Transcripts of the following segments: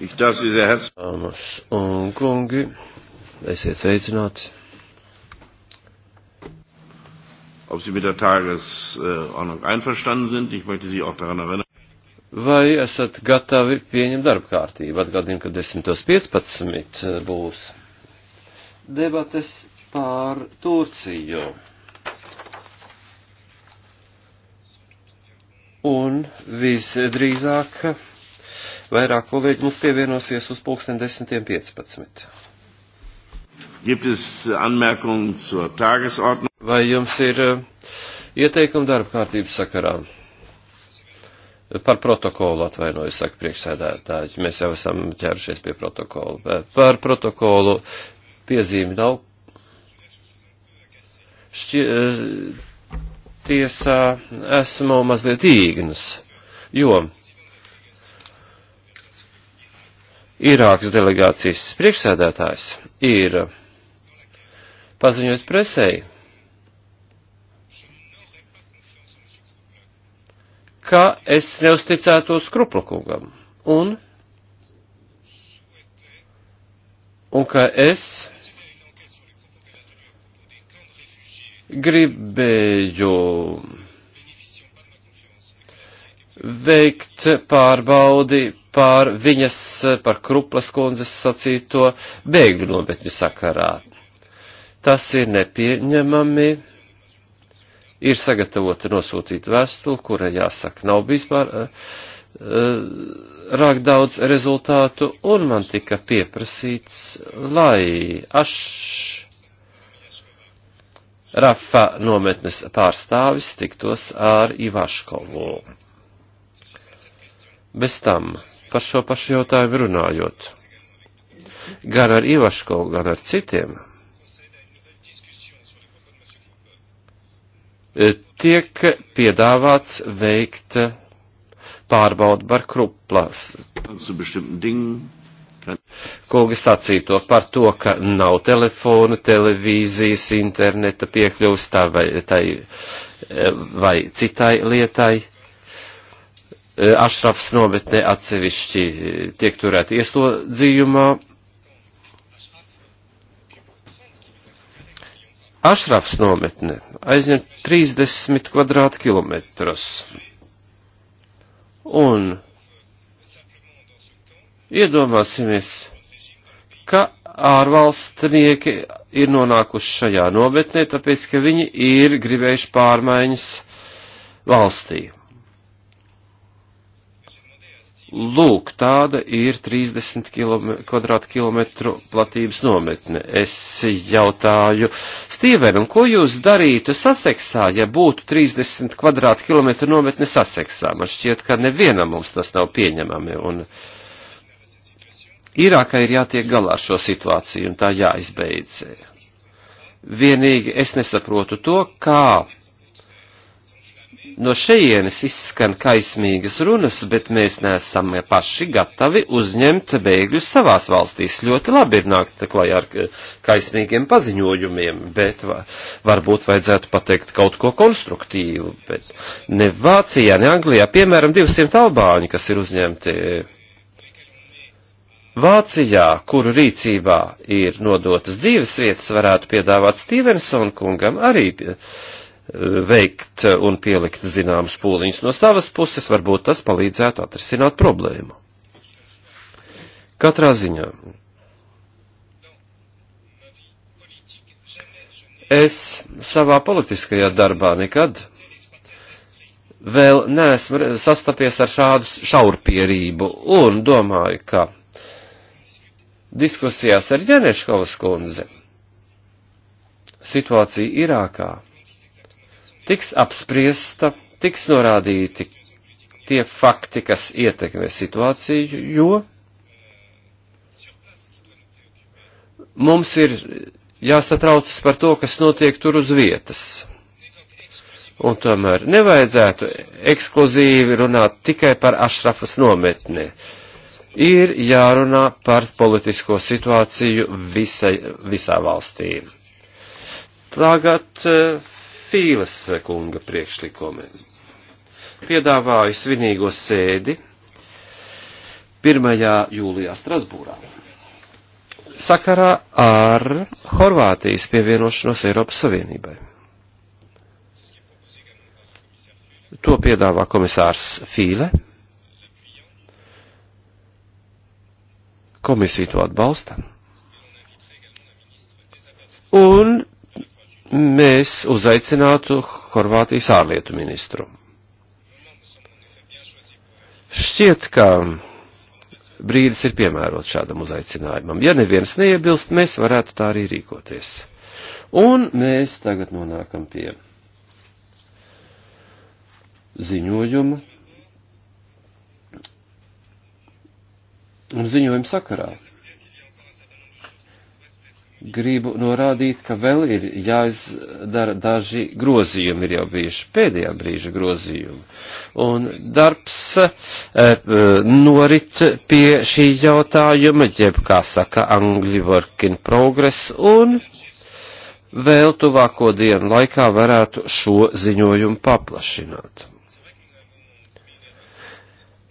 Ich darf Sie sehr herzlich. Dāmas un kungi, esiet sveicināti. Ob Sie mit der Tagesordnung einverstanden sind, ich möchte Sie auch daran erinnern. Vai esat gatavi pieņemt darba kārtību? Atgādinu, ka 10.15 būs debates pār Turciju. un visdrīzāk vairāk kolēģi mums pievienosies uz pulksten 10.15. Gibt es Anmerkungen zur Tagesordnung? Vai jums ir eh, ieteikumi darba kārtības sakarā? Par protokolu atvainojas, saka priekšsēdētāji. Mēs jau esam ķērušies pie protokola. Eh, par protokolu piezīmi nav. Šķi, eh, tiesā esmu mazliet īgnas, jo Irākas delegācijas priekšsēdētājs ir paziņojis presēji, ka es neusticētos Kruplakungam un, un ka es Gribēju veikt pārbaudi pār viņas, par Kruplas kundzes sacīto bēgļu nometņu sakarā. Tas ir nepieņemami. Ir sagatavota nosūtīta vēstule, kura jāsaka nav bijis pār, eh, eh, rāk daudz rezultātu, un man tika pieprasīts, lai aš Rafa nometnes pārstāvis tiktos ar Ivaškovu. Bez tam, par šo pašu jautājumu runājot, gan ar Ivaškovu, gan ar citiem, tiek piedāvāts veikt pārbaudu par kruplas kungi sacīto par to, ka nav telefonu, televīzijas, interneta piekļuvs tā vai, tai, vai citai lietai. E, Ašrafs nometnē atsevišķi tiek turēti ieslodzījumā. Ašrafs nometne aizņem 30 kvadrātkilometrus. Un Iedomāsimies, ka ārvalstnieki ir nonākuši šajā nometnē, tāpēc, ka viņi ir gribējuši pārmaiņas valstī. Lūk, tāda ir 30 km2 platības nometne. Es jautāju Stīvenam, ko jūs darītu Saseksā, ja būtu 30 km2 nometne Saseksā? Man šķiet, ka nevienam mums tas nav pieņemami. Un, uh, Irākai ir jātiek galā ar šo situāciju un tā jāizbeidz. Vienīgi es nesaprotu to, kā no šejienes izskan kaismīgas runas, bet mēs neesam paši gatavi uzņemt bēgļus savās valstīs. Ļoti labi ir nākt klajā ar kaismīgiem paziņojumiem, bet varbūt vajadzētu pateikt kaut ko konstruktīvu. Bet ne Vācijā, ne Anglijā, piemēram, 200 albāņi, kas ir uzņemti Vācijā, kuru rīcībā ir nodotas dzīves vietas, varētu piedāvāt Stevensona kungam arī eh, veikt un pielikt zināmas pūliņas no savas puses, varbūt tas palīdzētu atrisināt problēmu. Katrā ziņā. Es savā politiskajā darbā nekad vēl neesmu sastapies ar šādu šaurpierību un domāju, ka diskusijās ar Janeškovas kundzi situācija Irākā tiks apspriesta, tiks norādīti tie fakti, kas ietekmē situāciju, jo mums ir jāsatraucas par to, kas notiek tur uz vietas. Un tomēr nevajadzētu ekskluzīvi runāt tikai par Ašrafas nometnē. Uh, ir jārunā par politisko situāciju visai, visā valstī. Tagad eh, Fīles kunga priekšlikumi. Piedāvāju svinīgo sēdi 1. jūlijā Strasbūrā. Sakarā ar Horvātijas pievienošanos Eiropas Savienībai. To piedāvā komisārs Fīle Komisija to atbalsta. Un mēs uzaicinātu Horvātijas ārlietu ministru. Šķiet, ka brīdis ir piemērots šādam uzaicinājumam. Ja neviens neiebilst, mēs varētu tā arī rīkoties. Un mēs tagad nonākam pie ziņojuma ziņojuma sakarā. Gribu norādīt, ka vēl ir jāizdara daži grozījumi, ir jau bijuši pēdējā brīža grozījumi. Un darbs e, e norit pie šī jautājuma, jeb kā saka Angļu work in progress, un vēl tuvāko dienu laikā varētu šo ziņojumu paplašināt.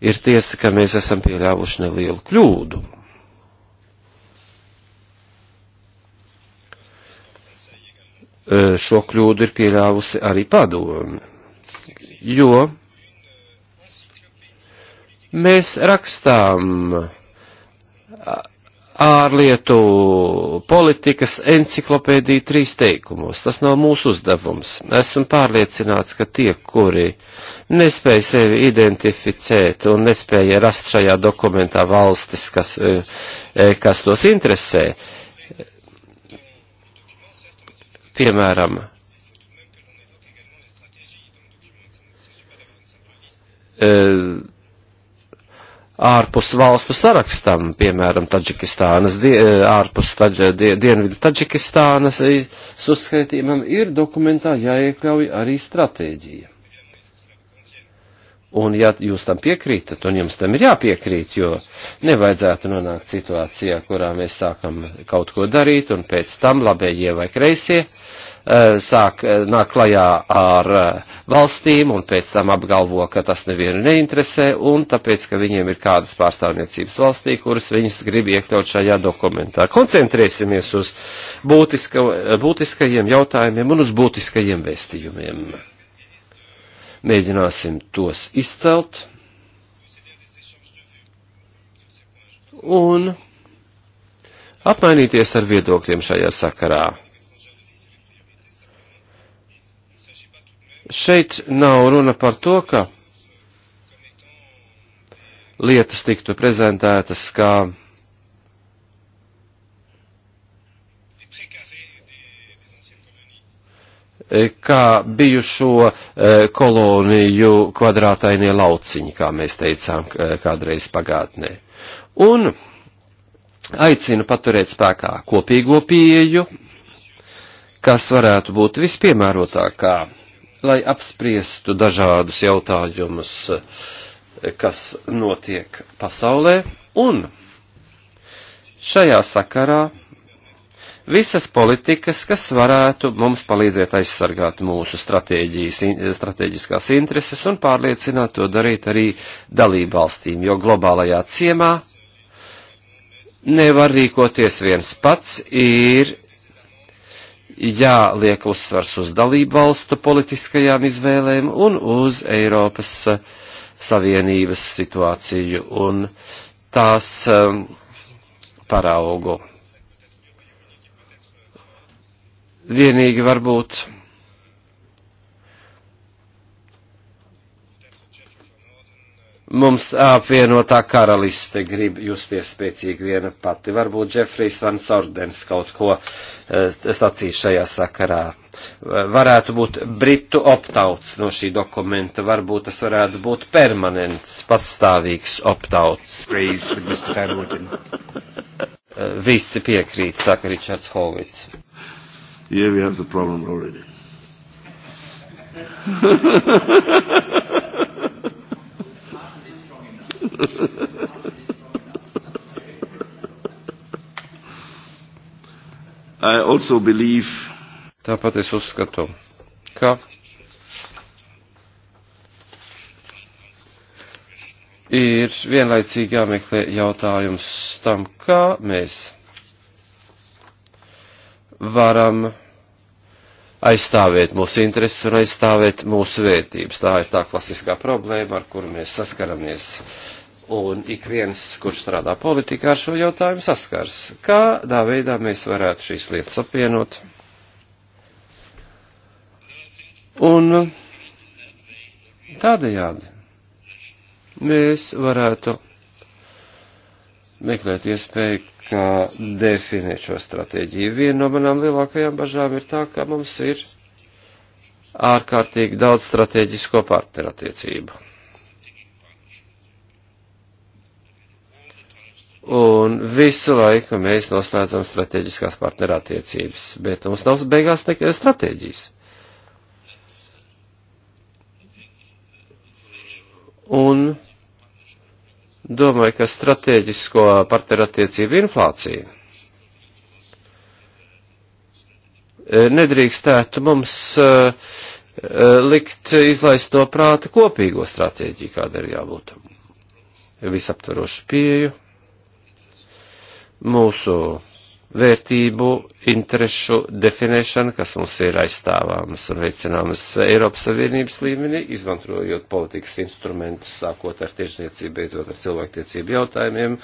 Ir tiesa, ka mēs esam pieļāvuši nelielu kļūdu. E, šo kļūdu ir pieļāvusi arī padomi, jo mēs rakstām ārlietu politikas enciklopēdiju trīs teikumos. Tas nav mūsu uzdevums. Esmu pārliecināts, ka tie, kuri nespēja sevi identificēt un nespēja rast šajā dokumentā valstis, kas, eh, kas tos interesē, piemēram, uh, ārpus valstu sarakstam, piemēram, Taģikistānas, die, eh, ārpus taģ, die, dienvidu Taģikistānas eh, uzskaitījumam, ir dokumentā jāiekļauj arī stratēģija. Un ja jūs tam piekrītat, un jums tam ir jāpiekrīt, jo nevajadzētu nonākt situācijā, kurā mēs sākam kaut ko darīt, un pēc tam labējie vai kreisie eh, sāk eh, nāk klajā ar eh, valstīm, un pēc tam apgalvo, ka tas nevienu neinteresē, un tāpēc, ka viņiem ir kādas pārstāvniecības valstī, kuras viņas grib iekļaut šajā dokumentā. Koncentrēsimies uz būtiska, būtiskajiem jautājumiem un uz būtiskajiem vēstījumiem. Mēģināsim tos izcelt. Un apmainīties ar viedokļiem šajā sakarā. Šeit nav runa par to, ka lietas tiktu prezentētas kā kā bijušo e, koloniju kvadrātainie lauciņi, kā mēs teicām e, kādreiz pagātnē. Un aicinu paturēt spēkā kopīgo pieeju, kas varētu būt vispiemērotākā, lai apspriestu dažādus jautājumus, e, kas notiek pasaulē, un šajā sakarā visas politikas, kas varētu mums palīdzēt aizsargāt mūsu strateģiskās intereses un pārliecināt to darīt arī dalību valstīm, jo globālajā ciemā nevar rīkoties viens pats, ir jāliek uzsvars uz dalību valstu politiskajām izvēlēm un uz Eiropas eh, Savienības situāciju un tās um, paraugu. vienīgi varbūt mums apvienotā karaliste grib justies spēcīgi viena pati. Varbūt Džefrijs Van Sordens kaut ko eh, sacīja šajā sakarā. Varētu būt britu optauts no šī dokumenta, varbūt tas varētu būt permanents, pastāvīgs optauts. Eh, visi piekrīt, saka Ričards Hovits. Here we have the problem already. I also believe Tāpat es uzskatu, ka ir vienlaicīgi jāmeklē jautājums tam, kā mēs varam aizstāvēt mūsu intereses un aizstāvēt mūsu vērtības. Tā ir tā klasiskā problēma, ar kuru mēs saskaramies. Un ik viens, kurš strādā politikā, ar šo jautājumu saskars. Kādā veidā mēs varētu šīs lietas apvienot? Un tādējādi mēs varētu meklēt iespēju kā definēt šo stratēģiju. Viena no manām lielākajām bažām ir tā, ka mums ir ārkārtīgi daudz strateģisko partnerattiecību. Un visu laiku mēs noslēdzam strateģiskās partnerattiecības, bet mums nav beigās nekāda stratēģijas. Un domāju, ka strateģisko partnerattiecību inflācija nedrīkstētu mums eh, eh, likt izlaist no prāta kopīgo stratēģiju, kāda ir jābūt. Visaptvarošu pieju, mūsu vērtību interešu definēšana, kas mums ir aizstāvāmas un veicināmas Eiropas Savienības līmenī, izmantojot politikas instrumentus, sākot ar tiešniecību, beidzot ar cilvēktiecību jautājumiem,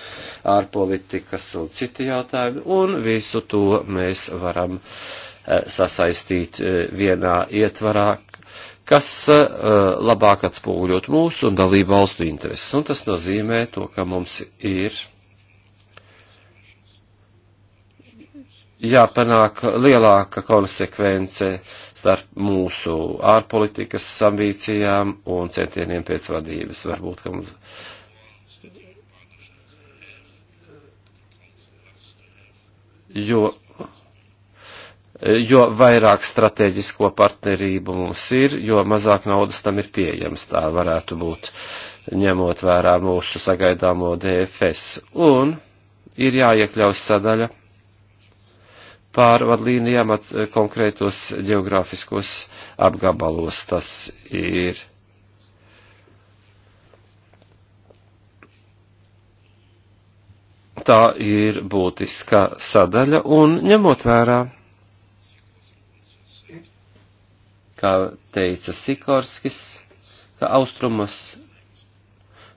ārpolitikas un citi jautājumi, un visu to mēs varam eh, sasaistīt eh, vienā ietvarā, kas eh, labāk atspūgļot mūsu un dalību valstu intereses. Un tas nozīmē to, ka mums ir jāpanāk lielāka konsekvence starp mūsu ārpolitikas ambīcijām un centieniem pēc vadības. Varbūt, ka mums. Jo, jo vairāk strateģisko partnerību mums ir, jo mazāk naudas tam ir pieejams. Tā varētu būt ņemot vērā mūsu sagaidāmo DFS. Un ir jāiekļaus sadaļa pār vadlīnijām eh, konkrētos geogrāfiskos apgabalos. Tas ir tā ir būtiska sadaļa un ņemot vērā, kā teica Sikorskis, ka austrumos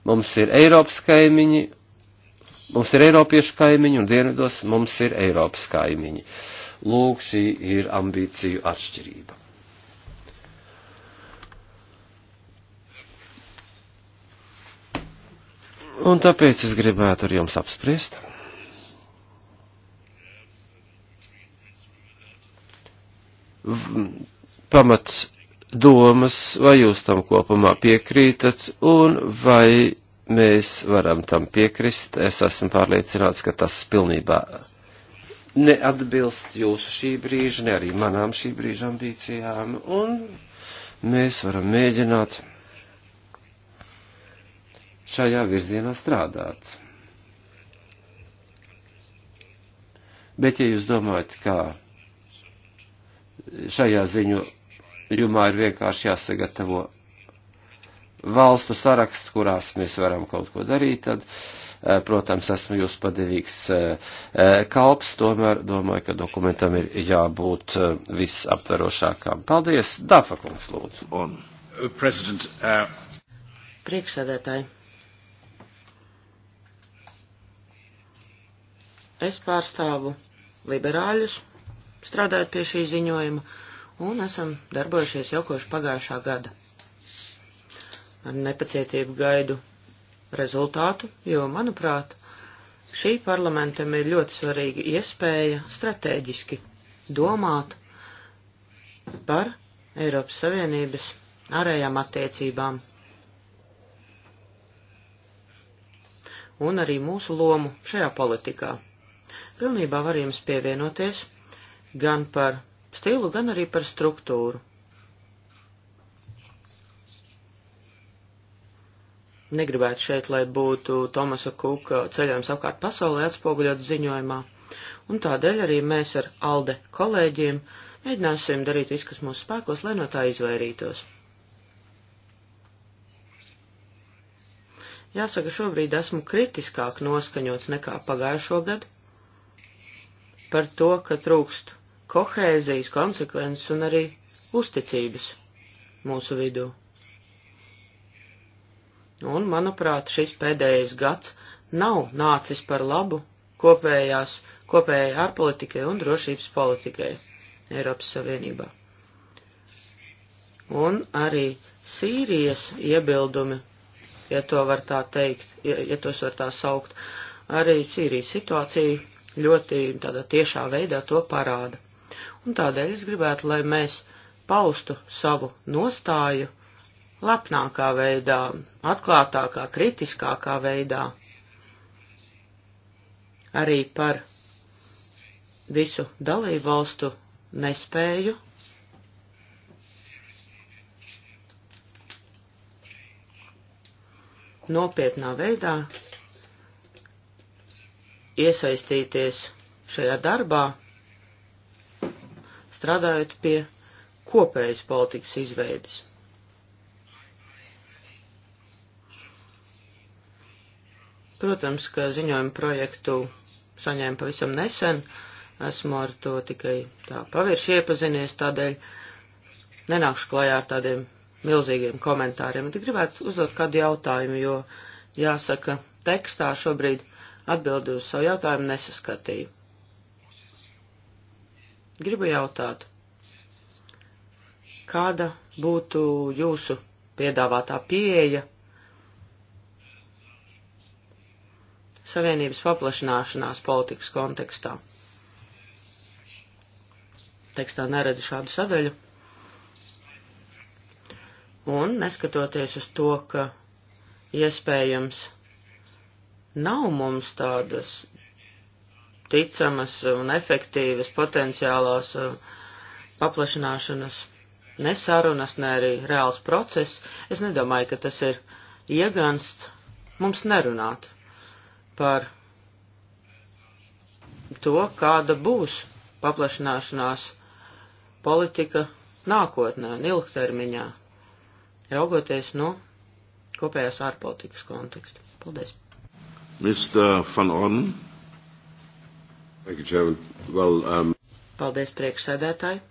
mums ir Eiropas kaimiņi Mums ir Eiropiešu kaimiņi un dienvidos mums ir Eiropas kaimiņi. Lūk, šī ir ambīciju atšķirība. Un tāpēc es gribētu ar jums apspriest. V, pamats domas, vai jūs tam kopumā piekrītat, un vai Mēs varam tam piekrist. Es esmu pārliecināts, ka tas pilnībā neatbilst jūsu šī brīža, ne arī manām šī brīža ambīcijām, un mēs varam mēģināt šajā virzienā strādāt. Bet, ja jūs domājat, kā šajā ziņu jumā ir vienkārši jāsagatavo valstu sarakstu, kurās mēs varam kaut ko darīt, tad, eh, protams, esmu jūs padevīgs eh, eh, kalps, tomēr domāju, ka dokumentam ir jābūt visaptverošākām. Paldies, Dafa kungs, lūdzu. Un, uh, uh... Priekšsēdētāji. Es pārstāvu liberāļus, strādājot pie šī ziņojuma, un esam darbojušies jau kopš pagājušā gada ar nepacietību gaidu rezultātu, jo, manuprāt, šī parlamentam ir ļoti svarīga iespēja strateģiski domāt par Eiropas Savienības ārējām attiecībām un arī mūsu lomu šajā politikā. Pilnībā var jums pievienoties gan par stilu, gan arī par struktūru. negribētu šeit, lai būtu Tomasa Kuka ceļojums apkārt pasaulē atspoguļots ziņojumā, un tādēļ arī mēs ar Alde kolēģiem mēģināsim darīt visu, kas mūsu spēkos, lai no tā izvairītos. Jāsaka, šobrīd esmu kritiskāk noskaņots nekā pagājušo gadu par to, ka trūkst kohēzijas, konsekvences un arī uzticības mūsu vidū. Un, manuprāt, šis pēdējais gads nav nācis par labu kopējās, kopējai ārpolitikai un drošības politikai Eiropas Savienībā. Un arī Sīrijas iebildumi, ja to var tā teikt, ja, ja tos var tā saukt, arī Sīrijas situācija ļoti tādā tiešā veidā to parāda. Un tādēļ es gribētu, lai mēs paustu savu nostāju lapnākā veidā, atklātākā, kritiskākā veidā arī par visu dalību valstu nespēju nopietnā veidā iesaistīties šajā darbā, strādājot pie kopējas politikas izveides. Protams, ka ziņojumu projektu saņēmu pavisam nesen, esmu ar to tikai tā pavirši iepazinies, tādēļ nenākšu klajā ar tādiem milzīgiem komentāriem. Tik gribētu uzdot kādu jautājumu, jo jāsaka, tekstā šobrīd atbildi uz savu jautājumu nesaskatīju. Gribu jautāt, kāda būtu jūsu piedāvātā pieeja Savienības paplašināšanās politikas kontekstā. Tekstā neredzu šādu sadaļu. Un neskatoties uz to, ka iespējams nav mums tādas ticamas un efektīvas potenciālās uh, paplašināšanas ne sarunas, ne arī reāls process, es nedomāju, ka tas ir iegansts mums nerunāt par to, kāda būs paplašināšanās politika nākotnē un ilgtermiņā, raugoties no kopējās ārpolitikas konteksta. Paldies. Mr. Van Orden. Thank you, Chairman. Well, um... Paldies, priekšsēdētāji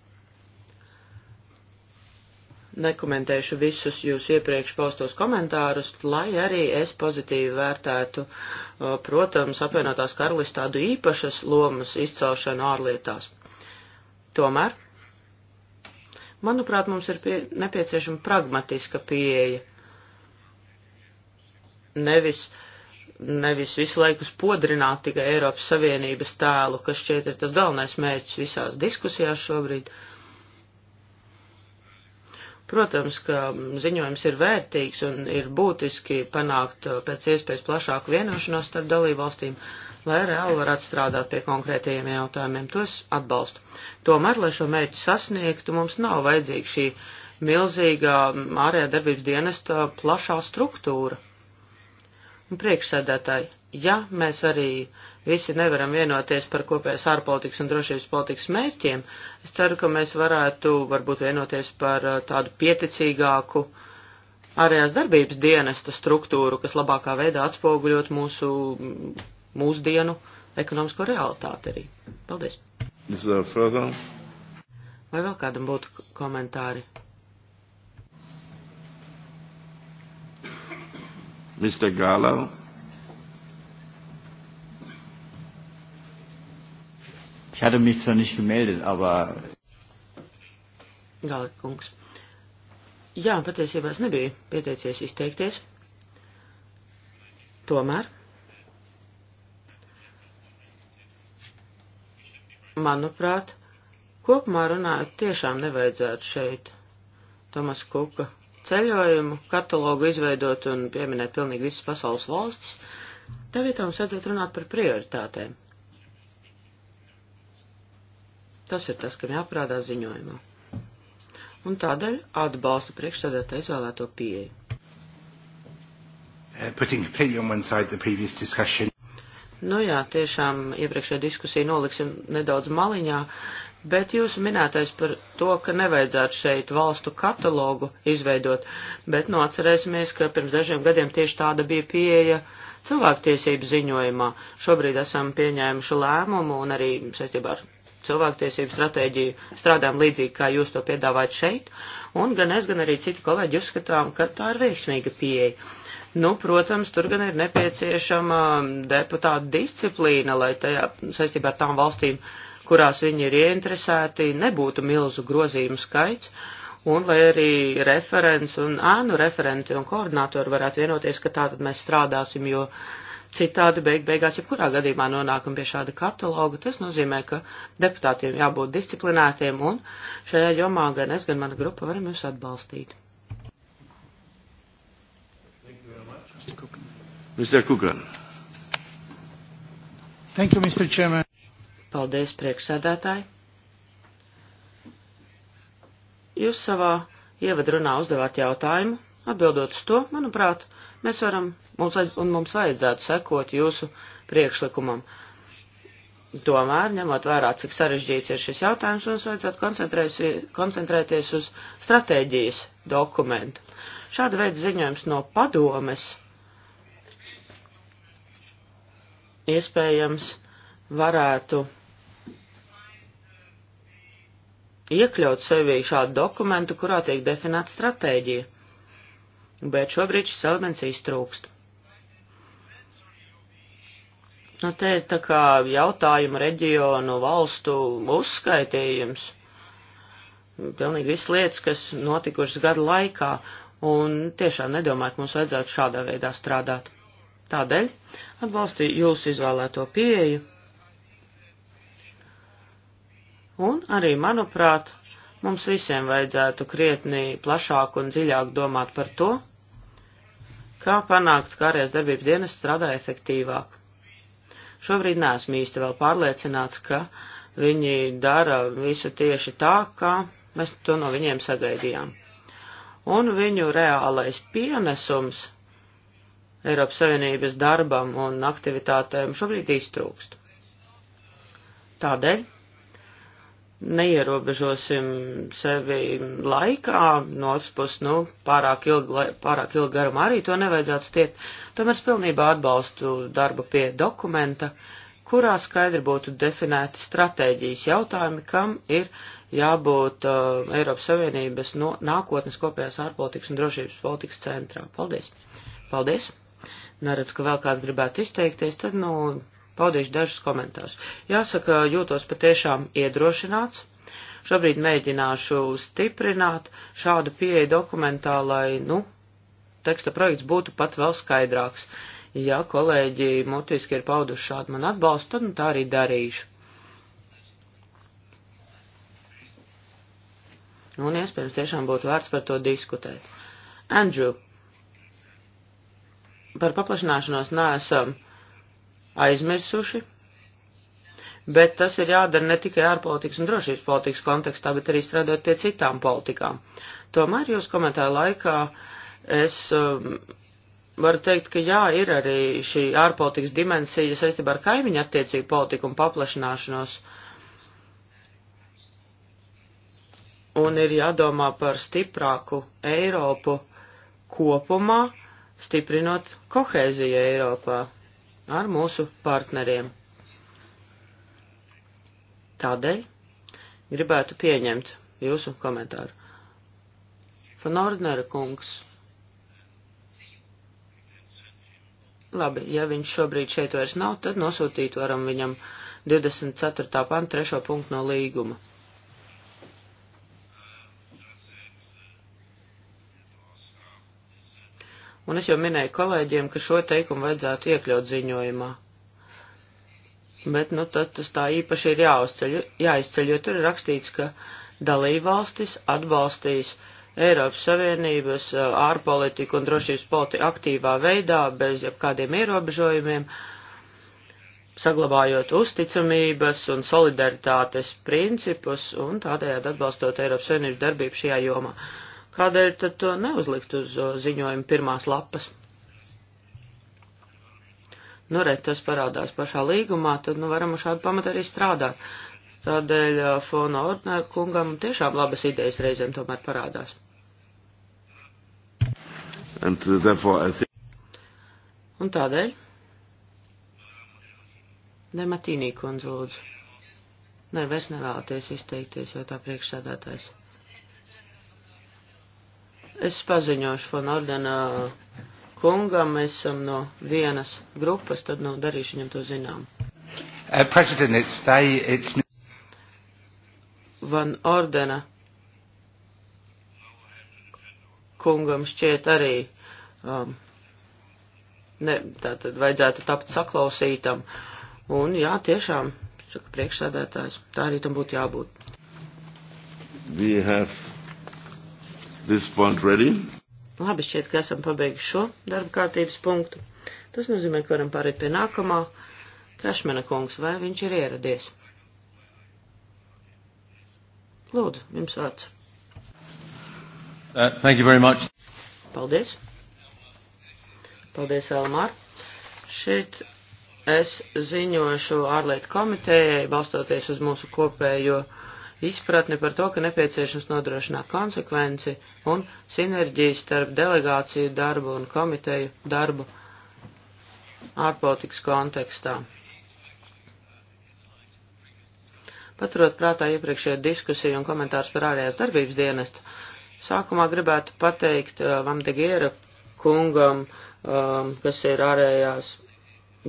nekomentēšu visus jūs iepriekš paustos komentārus, lai arī es pozitīvi vērtētu, uh, protams, apvienotās karalīs tādu īpašas lomas izcelšanu ārlietās. Tomēr, manuprāt, mums ir pie, nepieciešama pragmatiska pieeja. Nevis nevis visu laiku spodrināt tikai Eiropas Savienības tēlu, kas šķiet ir tas galvenais mērķis visās diskusijās šobrīd. Uh, Protams, ka ziņojums ir vērtīgs un ir būtiski panākt uh, pēc iespējas plašāku vienošanos starp dalībvalstīm, lai reāli varētu strādāt pie konkrētajiem jautājumiem. Tos atbalstu. Tomēr, lai šo mērķu sasniegtu, mums nav vajadzīga šī milzīgā um, ārējā darbības dienesta plašā struktūra. Un priekšsēdētāji, ja mēs arī uh, visi nevaram vienoties par kopējās ārpolitikas un drošības politikas mērķiem, es ceru, ka mēs varētu varbūt vienoties par uh, tādu pieticīgāku ārējās darbības dienesta struktūru, kas labākā veidā atspoguļot mūsu mm, mūsdienu ekonomisko realitāti arī. Paldies! Uh, Vai vēl kādam būtu komentāri? Mr. Gallo. Ich hatte mich zwar nicht gemeldet, aber. Galik kungs. Jā, patiesībā es nebiju pieteicies izteikties. Tomēr. Manuprāt, kopumā runājot, tiešām nevajadzētu šeit Tomas Kuka ceļojumu katalogu izveidot un pieminēt pilnīgi visas pasaules valstis. Tev vietā mums vajadzētu runāt par prioritātēm Tas ir tas, kam jāprādā ziņojumā. Un tādēļ atbalstu priekšsēdētā izvēlēto pieeju. Uh, nu jā, tiešām iepriekšējā diskusija noliksim nedaudz maliņā, bet jūsu minētais par to, ka nevajadzētu šeit valstu katalogu izveidot, bet nu atcerēsimies, ka pirms dažiem gadiem tieši tāda bija pieeja cilvēktiesību ziņojumā. Šobrīd esam pieņēmuši lēmumu un arī saistībā ar cilvēktiesību stratēģiju strādājam līdzīgi, kā jūs to piedāvājat šeit, un gan es, gan arī citi kolēģi uzskatām, ka tā ir veiksmīga pieeja. Nu, protams, tur gan ir nepieciešama deputāta disciplīna, lai tajā saistībā ar tām valstīm, kurās viņi ir ieinteresēti, nebūtu milzu grozījumu skaits, un lai arī referents un ēnu referenti un koordinātori varētu vienoties, ka tā tad mēs strādāsim, jo citādi beig beigās, ja kurā gadījumā nonākam pie šāda kataloga, tas nozīmē, ka deputātiem jābūt disciplinētiem un šajā jomā gan es, gan mana grupa varam jūs atbalstīt. Mr. Kukan. Thank you, Mr. Chairman. Paldies, priekšsēdētāji. Jūs savā ievadrunā uzdevāt jautājumu Atbildot uz to, manuprāt, mēs varam mums, un mums vajadzētu sekot jūsu priekšlikumam. Tomēr, ņemot vērā, cik sarežģīts ir šis jautājums, mums vajadzētu koncentrēties uz stratēģijas dokumentu. Šāda veida ziņojums no padomes iespējams varētu iekļaut sevī šādu dokumentu, kurā tiek definēta stratēģija bet šobrīd šis elements iztrūkst. Nu, te ir tā kā jautājumu reģionu valstu uzskaitījums. Pilnīgi viss lietas, kas notikušas gadu laikā, un tiešām nedomāju, ka mums vajadzētu šādā veidā strādāt. Tādēļ atbalstīju jūsu izvēlēto pieeju. Un arī, manuprāt, mums visiem vajadzētu krietni plašāk un dziļāk domāt par to, Kā panākt, ka ārējās darbības dienas strādā efektīvāk? Šobrīd neesmu īsti vēl pārliecināts, ka viņi dara visu tieši tā, kā mēs to no viņiem sagaidījām. Un viņu reālais pienesums Eiropas Savienības darbam un aktivitātēm šobrīd iztrūkst. Tādēļ neierobežosim sevi laikā, no otras puses, nu, pārāk ilgi, pārāk ilgi garam arī to nevajadzētu stiet. Tomēr es pilnībā atbalstu darbu pie dokumenta, kurā skaidri būtu definēti stratēģijas jautājumi, kam ir jābūt uh, Eiropas Savienības no, nākotnes kopējās ārpolitikas un drošības politikas centrā. Paldies! Paldies! Neredz, ka vēl kāds gribētu izteikties, tad, nu, paudīšu dažus komentārus. Jāsaka, jūtos patiešām iedrošināts. Šobrīd mēģināšu stiprināt šādu pieeju dokumentā, lai, nu, teksta projekts būtu pat vēl skaidrāks. Ja kolēģi mutiski ir pauduši šādu man atbalstu, tad nu, tā arī darīšu. Un iespējams tiešām būtu vērts par to diskutēt. Andrew, par paplašināšanos neesam. Uh, aizmirsuši, bet tas ir jādara ne tikai ārpolitikas un drošības politikas kontekstā, bet arī strādājot pie citām politikām. Tomēr jūs komentāru laikā es um, varu teikt, ka jā, ir arī šī ārpolitikas dimensija saistībā ar kaimiņu attiecību politiku un paplašināšanos. Un ir jādomā par stiprāku Eiropu kopumā, stiprinot kohēziju Eiropā ar mūsu partneriem. Tādēļ gribētu pieņemt jūsu komentāru. Fanordnera kungs. Labi, ja viņš šobrīd šeit vairs nav, tad nosūtīt varam viņam 24. pantu 3. punktu no līguma. un es jau minēju kolēģiem, ka šo teikumu vajadzētu iekļaut ziņojumā. Bet, nu, tad tas tā īpaši ir jāuzceļ, jāizceļ, jo tur ir rakstīts, ka dalībvalstis atbalstīs Eiropas Savienības uh, ārpolitiku un drošības politiku aktīvā veidā, bez jebkādiem ierobežojumiem, saglabājot uzticamības un solidaritātes principus un tādējādi atbalstot Eiropas Savienības darbību šajā jomā. Uh, Kādēļ tad to neuzlikt uz ziņojuma pirmās lapas? Nu, redz, tas parādās pašā līgumā, tad, nu, varam uz šādu pamatu arī strādāt. Tādēļ Fona Ortner kungam tiešām labas idejas reizēm tomēr parādās. And, uh, think... Un tādēļ? Nematīnī kundze lūdzu. Nē, vairs nevēlaties izteikties, jo tā priekšsēdētājs. Es paziņošu von Ordena kungam, mēs esam no vienas grupas, tad no nu, darīšu viņam to zinām. Uh, President, it's they, it's... Van Ordena kungam šķiet arī um, ne, tātad vajadzētu tapt saklausītam. Un jā, tiešām, saka priekšsēdētājs, tā arī tam būtu jābūt. We have this point ready. Labi, šķiet, ka esam pabeiguši šo darba kārtības punktu. Tas nozīmē, ka varam pāriet pie nākamā. Kašmena kungs, vai viņš ir ieradies? Lūdzu, jums vārds. Uh, thank you very much. Paldies. Paldies, Elmār. Šeit es ziņošu ārlietu komitējai, balstoties uz mūsu kopējo. Uh, izpratni par to, ka nepieciešams nodrošināt konsekvenci un sinerģiju starp delegāciju darbu un komiteju darbu ārpolitikas kontekstā. Paturot prātā iepriekšējo diskusiju un komentārus par ārējās darbības dienestu, sākumā gribētu pateikt uh, Vamdegiera kungam, um, kas ir ārējās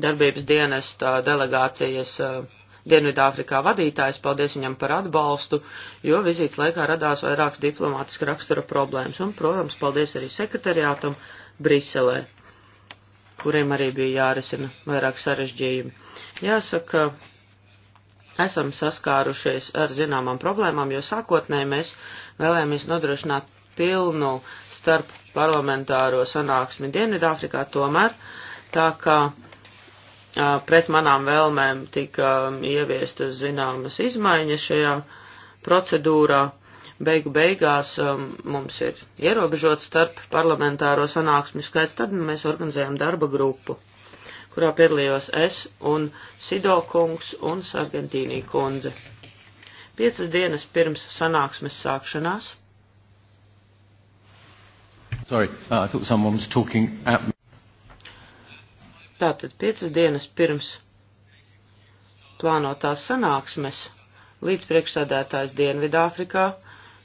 darbības dienesta delegācijas uh, Dienvidāfrikā vadītājs, paldies viņam par atbalstu, jo vizītes laikā radās vairākas diplomātiska rakstura problēmas. Un, protams, paldies arī sekretariātam Briselē, kuriem arī bija jārisina vairāk sarežģījumi. Jāsaka, esam saskārušies ar zināmām problēmām, jo sākotnēji mēs vēlējāmies nodrošināt pilnu starp parlamentāro sanāksmi Dienvidāfrikā, tomēr tā kā pret manām vēlmēm tika ieviestas zināmas izmaiņas šajā procedūrā. Beigu beigās um, mums ir ierobežots starp parlamentāro sanāksmi skaits, tad mēs organizējam darba grupu, kurā piedalījos es un Sido kungs un Sargentīnī kundze. Piecas dienas pirms sanāksmes sākšanās. Sorry, uh, I thought someone was talking at me. Tātad piecas dienas pirms plānotās sanāksmes līdz priekšsēdētājs Dienvidāfrikā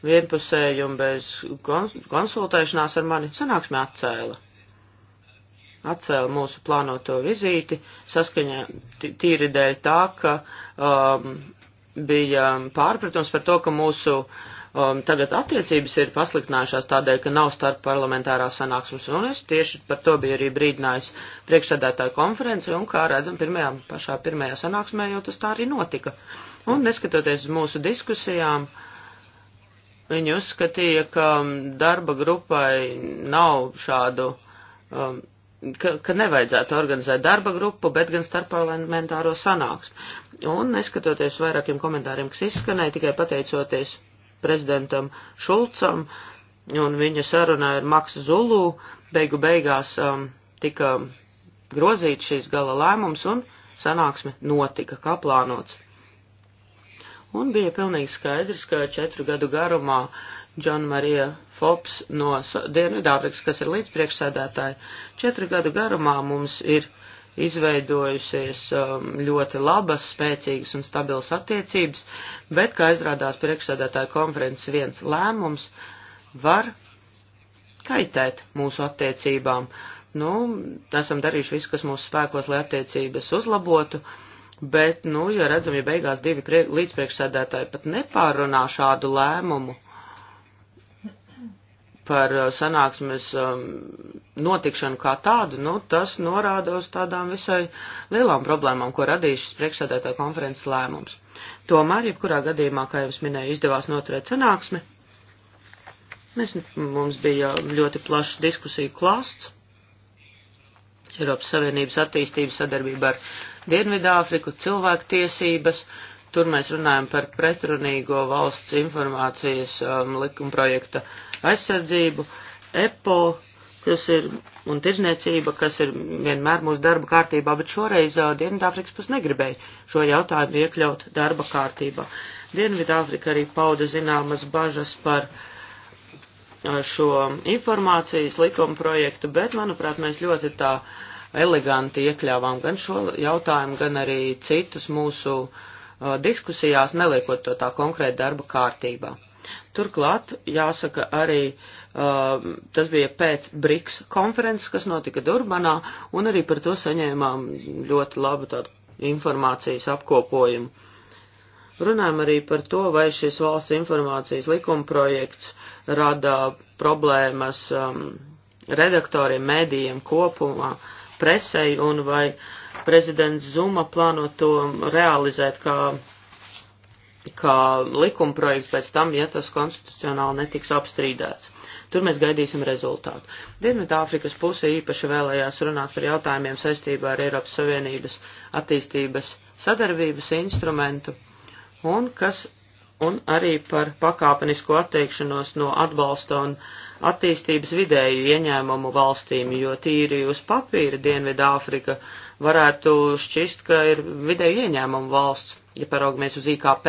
vienpusēji un bez konsultēšanās ar mani sanāksme atcēla. Atcēla mūsu plānoto vizīti saskaņā tīri dēļ tā, ka um, bija pārpratums par to, ka mūsu uh, um, tagad attiecības ir pasliktinājušās tādēļ, ka nav starp parlamentārās sanāksmes, un es tieši par to biju arī brīdinājis priekšsēdētāju konferenci, un kā redzam, pirmajā, pašā pirmajā sanāksmē jau tas tā arī notika. Un neskatoties uz mūsu diskusijām, viņi uzskatīja, ka um, darba grupai nav šādu. Um, ka, ka nevajadzētu organizēt darba grupu, bet gan starpparlamentāro sanāksmi. Un, neskatoties vairākiem komentāriem, kas izskanēja, tikai pateicoties prezidentam Šulcam, un viņa sarunā ar Maksu Zulu beigu beigās um, tika grozīts šīs gala lēmums, un sanāksme notika, kā plānots. Un bija pilnīgi skaidrs, ka četru gadu garumā Džona Marija Fops no Dienvidāfrikas, kas ir līdzpriekšsēdētāji, četru gadu garumā mums ir izveidojusies um, ļoti labas, spēcīgas un stabilas attiecības, bet, kā izrādās priekšsēdētāja konferences viens lēmums, var kaitēt mūsu attiecībām. Nu, esam darījuši visu, kas mūsu spēkos, lai attiecības uzlabotu, bet, nu, ja redzam, ja beigās divi prie, līdzpriekšsēdētāji pat nepārunā šādu lēmumu, par uh, sanāksmes um, notikšanu kā tādu, nu, tas norāda uz tādām visai lielām problēmām, ko radīs šis priekšsēdētāja konferences lēmums. Tomēr, jebkurā gadījumā, kā jums minēju, izdevās noturēt sanāksmi. Mēs, mums bija ļoti plašs diskusiju klāsts. Eiropas Savienības attīstības sadarbība ar Dienvidāfriku, cilvēktiesības, uh, Tur mēs runājam par pretrunīgo valsts informācijas um, likumprojekta aizsardzību, EPO, kas ir, un tirzniecība, kas ir vienmēr mūsu darba kārtībā, bet šoreiz uh, Dienvidāfrikas pus negribēja šo jautājumu iekļaut darba kārtībā. Dienvidāfrika arī pauda zināmas bažas par uh, šo informācijas likumprojektu, bet, manuprāt, mēs ļoti tā eleganti iekļāvām gan šo jautājumu, gan arī citus mūsu uh, Uh, diskusijās, neliekot to tā konkrēti darba kārtībā. Turklāt, jāsaka, arī uh, tas bija pēc BRICS konferences, kas notika Durbanā, un arī par to saņēmām ļoti labu tādu informācijas apkopojumu. Runājam arī par to, vai šis valsts informācijas likuma projekts rada problēmas um, redaktoriem, mēdījiem kopumā, presei, un vai uh, prezidents Zuma plāno to realizēt kā, kā likumprojektu pēc tam, ja tas konstitucionāli netiks apstrīdēts. Tur mēs gaidīsim rezultātu. Dienvidāfrikas puse īpaši vēlējās runāt par jautājumiem saistībā ar Eiropas Savienības attīstības sadarbības instrumentu un, kas, un arī par pakāpenisko atteikšanos no atbalsta un attīstības vidēju ieņēmumu valstīm, jo tīri uz papīra Dienvidāfrika Āfrika varētu šķist, ka ir vidēji ieņēmuma valsts, ja paraugamies uz IKP,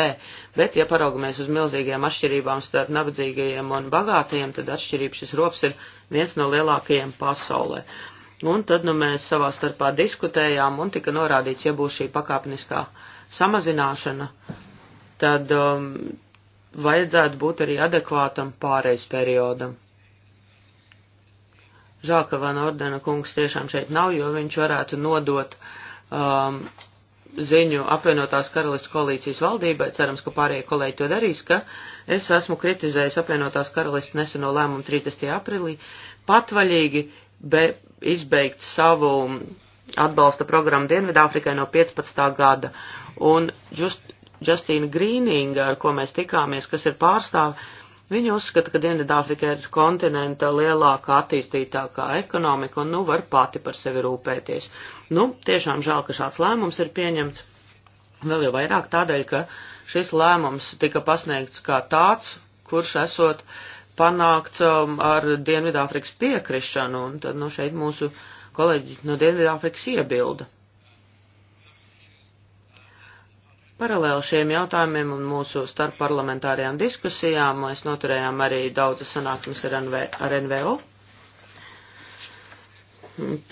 bet ja paraugamies uz milzīgiem atšķirībām starp nabadzīgajiem un bagātajiem, tad atšķirības šis rops ir viens no lielākajiem pasaulē. Un tad nu, mēs savā starpā diskutējām un tika norādīts, ja būs šī pakāpeniskā samazināšana, tad um, vajadzētu būt arī adekvātam pārejas periodam. Žēl, ka Van Ordena kungs tiešām šeit nav, jo viņš varētu nodot um, ziņu apvienotās karalists koalīcijas valdībai, cerams, ka pārējie kolēģi to darīs, ka es esmu kritizējis apvienotās karalists neseno lēmumu 30. aprilī patvaļīgi be, izbeigt savu atbalsta programmu Dienvidāfrikai no 15. gada. Un just, Justīna Grīninga, ar ko mēs tikāmies, kas ir pārstāve, Viņa uzskata, ka Dienvidāfrika ir kontinenta lielākā attīstītākā ekonomika un nu var pati par sevi rūpēties. Nu, tiešām žēl, ka šāds lēmums ir pieņemts. Vēl jau vairāk tādēļ, ka šis lēmums tika pasniegts kā tāds, kurš esot panākts um, ar Dienvidāfrikas piekrišanu, un tad, nu, šeit mūsu kolēģi no Dienvidāfrikas iebilda. Paralēli šiem jautājumiem un mūsu starpparlamentārajām diskusijām mēs noturējām arī daudzas sanāksmes ar, NV, ar NVO.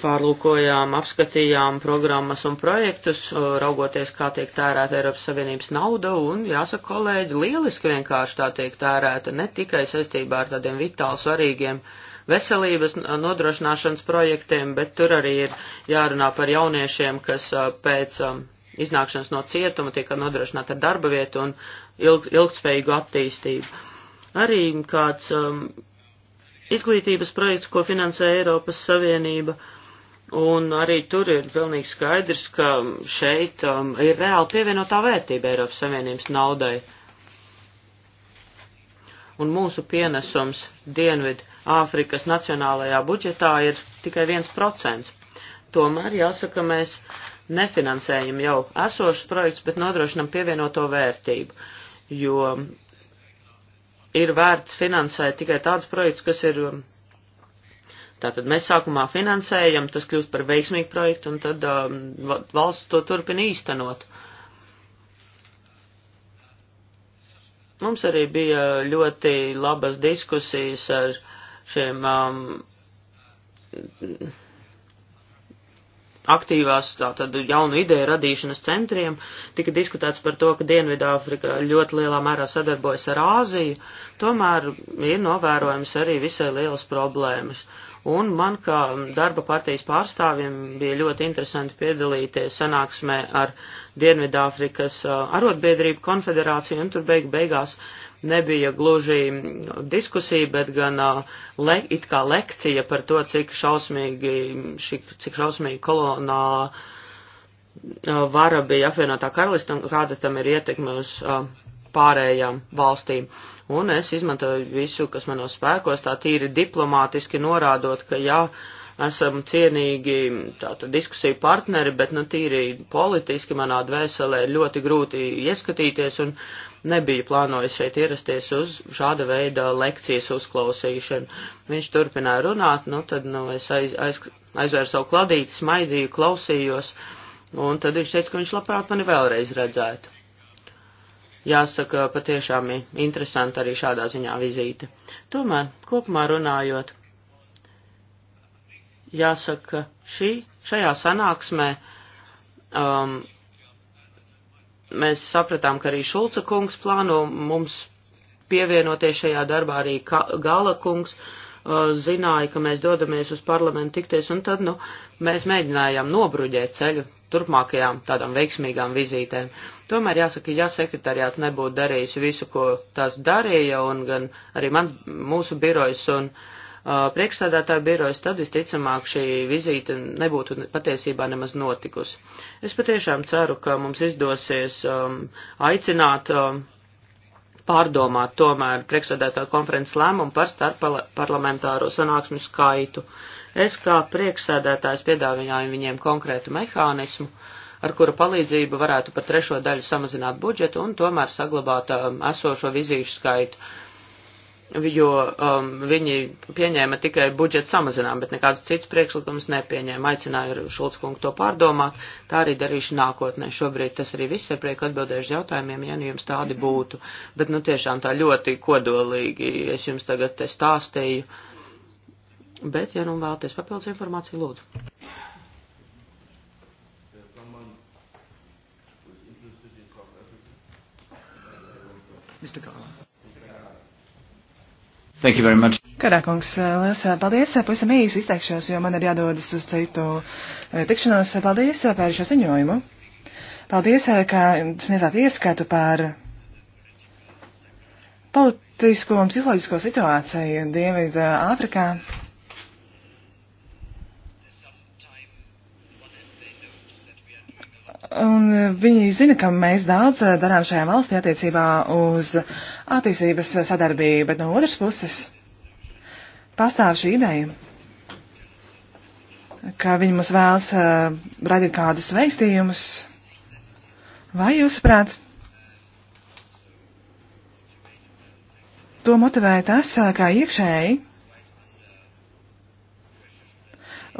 Pārlūkojām, apskatījām programmas un projektus, raugoties, kā tiek tērēta Eiropas Savienības nauda, un, jāsaka, kolēģi, lieliski vienkārši tā tiek tērēta, ne tikai saistībā ar tādiem vitāli svarīgiem uh, veselības nodrošināšanas projektiem, bet tur arī ir jārunā par jauniešiem, kas pēc iznākšanas no cietuma, tiek nodrošināta ar darba vietu un ilg, ilgspējīgu attīstību. Arī kāds um, izglītības projekts, ko finansē Eiropas Savienība, un arī tur ir pilnīgi skaidrs, ka šeit um, ir reāli pievienotā vērtība Eiropas Savienības naudai un mūsu pienesums Dienvidu Āfrikas nacionālajā budžetā ir tikai 1%. Tomēr, jāsaka, mēs nefinansējam jau esošus projektus, bet nodrošinam pievienoto vērtību, jo ir vērts finansēt tikai tādus projektus, kas ir. Um, tātad mēs sākumā finansējam, tas kļūst par veiksmīgu projektu, un tad um, valsts to turpina īstenot. Mums arī bija ļoti labas diskusijas ar šiem um, aktīvās tātad jaunu ideju radīšanas centriem, tika diskutēts par to, ka Dienvidāfrika ļoti lielā mērā sadarbojas ar Āziju, tomēr ir novērojams arī visai lielas problēmas. Un man kā darba partijas pārstāvjiem bija ļoti interesanti piedalīties sanāksmē ar Dienvidāfrikas uh, arotbiedrību konfederāciju, un tur beig beigās nebija gluži nu, diskusija, bet gan le, it kā lekcija par to, cik šausmīgi, šī, cik šausmīgi kolonā vara bija apvienotā karalista un kāda tam ir ietekme uz pārējām valstīm. Un es izmantoju visu, kas manos spēkos, tā tīri diplomātiski norādot, ka jā, ja, esam cienīgi tātad diskusiju partneri, bet, nu, tīri politiski manā dvēselē ļoti grūti ieskatīties un nebija plānojis šeit ierasties uz šāda veida lekcijas uzklausīšanu. Viņš turpināja runāt, nu, tad, nu, es aiz, aiz, aizvēru savu kladīti, smaidīju, klausījos, un tad viņš teica, ka viņš labprāt mani vēlreiz redzētu. Jāsaka, patiešām ir interesanti arī šādā ziņā vizīte. Tomēr, kopumā runājot, Jāsaka, šī, šajā sanāksmē um, mēs sapratām, ka arī Šulca kungs plāno mums pievienoties šajā darbā, arī Ka Gala kungs uh, zināja, ka mēs dodamies uz parlamentu tikties, un tad, nu, mēs mēģinājām nobruģēt ceļu turpmākajām tādām veiksmīgām vizītēm. Tomēr jāsaka, ja sekretariāts nebūtu darījis visu, ko tas darīja, un gan arī mans, mūsu birojs un uh, Uh, priekšsādātāja birojas, tad visticamāk šī vizīte nebūtu patiesībā nemaz notikusi. Es patiešām ceru, ka mums izdosies um, aicināt um, pārdomāt tomēr priekšsādātāja konferences lēmumu par starpparlamentāro sanāksmu skaitu. Es kā priekšsēdētājs piedāvināju viņiem konkrētu mehānismu, ar kura palīdzību varētu par trešo daļu samazināt budžetu un tomēr saglabāt um, esošo vizīšu skaitu jo um, viņi pieņēma tikai budžeta samazinājumu, bet nekādus citus priekšlikumus nepieņēma. Aicināju Šulc kungu to pārdomāt, tā arī darīšu nākotnē. Šobrīd tas arī viss ar prieku atbildēšu jautājumiem, ja nu jums tādi būtu. Bet nu tiešām tā ļoti kodolīgi es jums tagad te stāstīju. Bet, ja nu vēlaties papildus informāciju, lūdzu. Mr. Garland. Thank you very much. Karākungs, liels eh, paldies. Eh, pavisam īsi izteikšos, jo man ir jādodas uz citu eh, tikšanos. Paldies par šo ziņojumu. Paldies, ka sniedzāt ieskatu par politisko un psiholoģisko situāciju Dienvidā Āfrikā. Un e, viņi zina, ka mēs daudz e, darām šajā valstī attiecībā uz attīstības sadarbību, bet no otras puses pastāv šī ideja, ka viņi mums vēlas e, radīt kādus veistījumus. Vai jūsuprāt, to motivē tas, kā iekšēji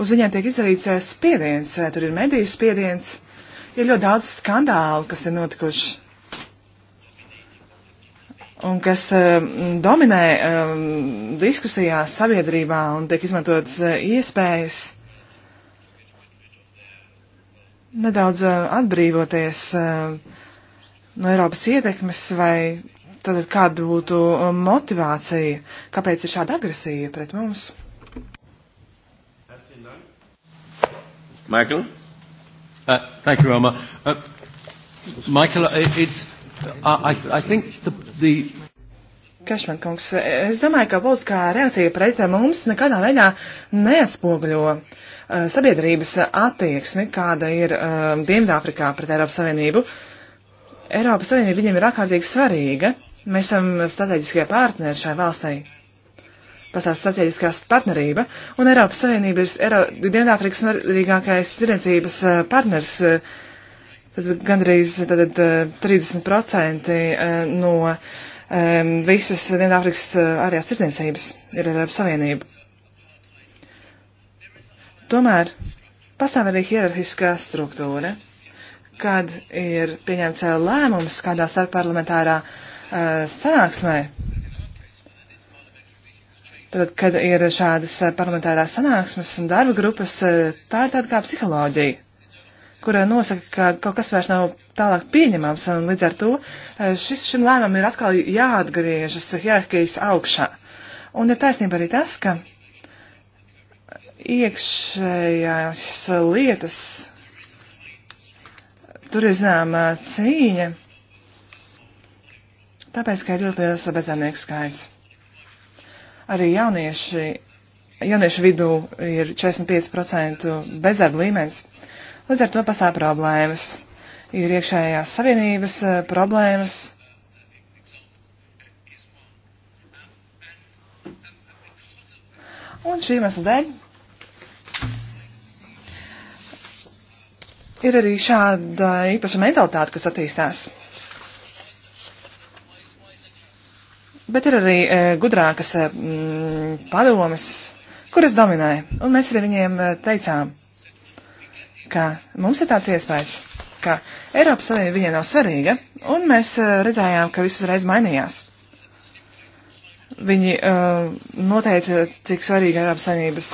uz viņiem tiek izdarīts spiediens, tur ir mediju spiediens Ir ļoti daudz skandālu, kas ir notikuši un kas uh, dominē uh, diskusijās sabiedrībā un tiek izmantotas uh, iespējas nedaudz atbrīvoties no Eiropas ietekmes vai tad kāda būtu motivācija, kāpēc ir šāda agresija pret mums? Michael? Uh, thank you, Elmer. Uh, Michael, uh, it's, uh, I, I think the, the Kašmankungs, es domāju, ka politiskā reakcija pret mums nekādā veidā neatspoguļo uh, sabiedrības attieksmi, kāda ir uh, Dienvidāfrikā pret Eiropas Savienību. Eiropas Savienība viņiem ir ārkārtīgi svarīga. Mēs esam strateģiskie partneri šai valstī pasaules strateģiskās partnerība, un Eiropas Savienība ir Eiro, Dienvidāfrikas svarīgākais tirdzniecības eh, partners. Eh, tad gandrīz tad, 30% eh, no um, visas Dienvidāfrikas ārējās tirdzniecības ir Eiropas Savienība. Tomēr pastāv arī hierarhiskā struktūra, kad ir pieņemts lēmums kādā starpparlamentārā uh, sanāksmē, Tad, kad ir šādas eh, parlamentārās sanāksmes un darba grupas, eh, tā ir tāda kā psiholoģija, kura nosaka, ka kaut kas vairs nav tālāk pieņemams, un līdz ar to eh, šis, šim lēmam ir atkal jāatgriežas hierarhijas augšā. Un ir taisnība arī tas, ka iekšējās lietas, tur ir zināmā cīņa, tāpēc, ka ir ļoti liels bezdarbnieku skaits. Arī jaunieši, jauniešu vidū ir 45% bezdarba līmenis, līdz ar to pastāv problēmas. Ir iekšējās savienības eh, problēmas. Un šī iemesla dēļ ir arī šāda īpaša mentalitāte, kas attīstās. Bet ir arī e, gudrākas e, padomas, kuras dominēja. Un mēs arī viņiem e, teicām, ka mums ir tāds iespējas, ka Eiropas Savienība viņai nav svarīga, un mēs e, redzējām, ka viss uzreiz mainījās. Viņi e, noteica, cik svarīga ir Eiropas Savienības,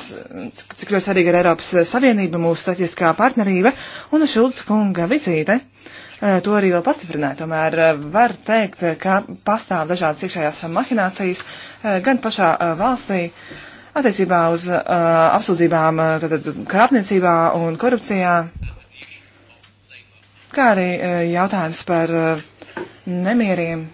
cik, cik ļoti svarīga ir Eiropas Savienība, mūsu strateģiskā partnerība, un Šulca kunga vizīte Eh, to arī vēl pastiprināja. Tomēr eh, var teikt, ka pastāv dažādas iekšējās mahinācijas eh, gan pašā valstī attiecībā uz apsūdzībām krāpniecībā un korupcijā, kā arī jautājums par nemieriem.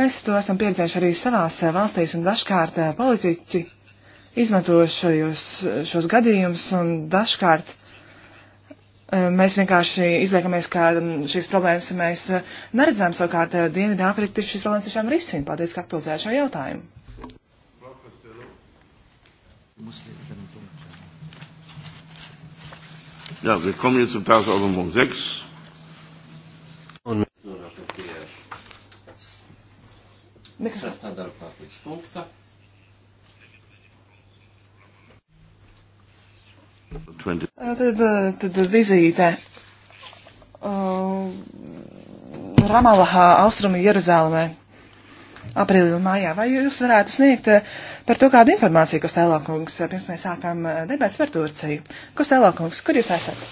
Mēs to esam pieredzējuši arī savās valstīs un dažkārt politiķi izmanto šos, šos gadījumus un dažkārt Eh, mēs vienkārši izliekamies, ka mm, šīs problēmas mēs eh, neredzam, savukārt eh, Dienvidāfrika šīs problēmas tiešām risina. Paldies, ka aktualizēja šo jautājumu. Jā, wir kommen jetzt zum Tagesordnungspunkt 6. Un mēs nonākam pie sastā darba kārtības punkta. Uh, tad, uh, tad vizīte. Uh, Ramalahā, Austrumi Jeruzālēmē, aprīlī un mājā. Vai jūs varētu sniegt uh, par to kādu informāciju, kas tēlākungs, pirms mēs sākām debats par Turciju? Kas tēlākungs, kur jūs esat?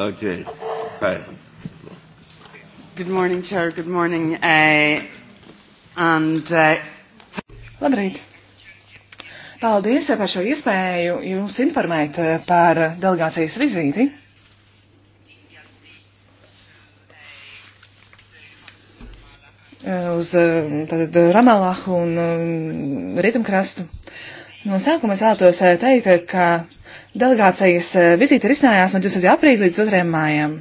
Okay. Hi. Good morning, Chair. Good morning. Uh, and, uh... Labrīt. Paldies eh, par šo iespēju jums informēt par delegācijas vizīti. Uz tātad, Ramalahu un Rietumkrastu. No sākuma es vēlētos teikt, ka delegācijas vizīte risinājās no 20. aprīļa līdz 2. mājām.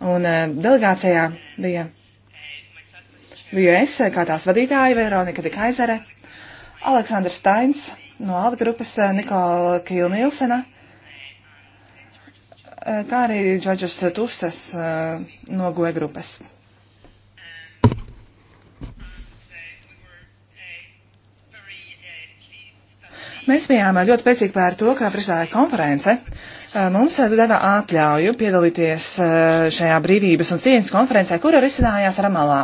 Un eh, delegācijā bija, biju es, eh, kā tās vadītāja, Veronika de Kaizere, Aleksandrs Steins no Alda grupas, eh, Nikola Kilnilsena, kā arī Džodžers Tusas no Goe grupas. Mēs bijām ļoti priecīgi par to, ka priekšsēdētāja konference uh, Eh, mums eh, devā atļauju piedalīties eh, šajā brīvības un cieņas konferencē, kura risinājās Ramalā.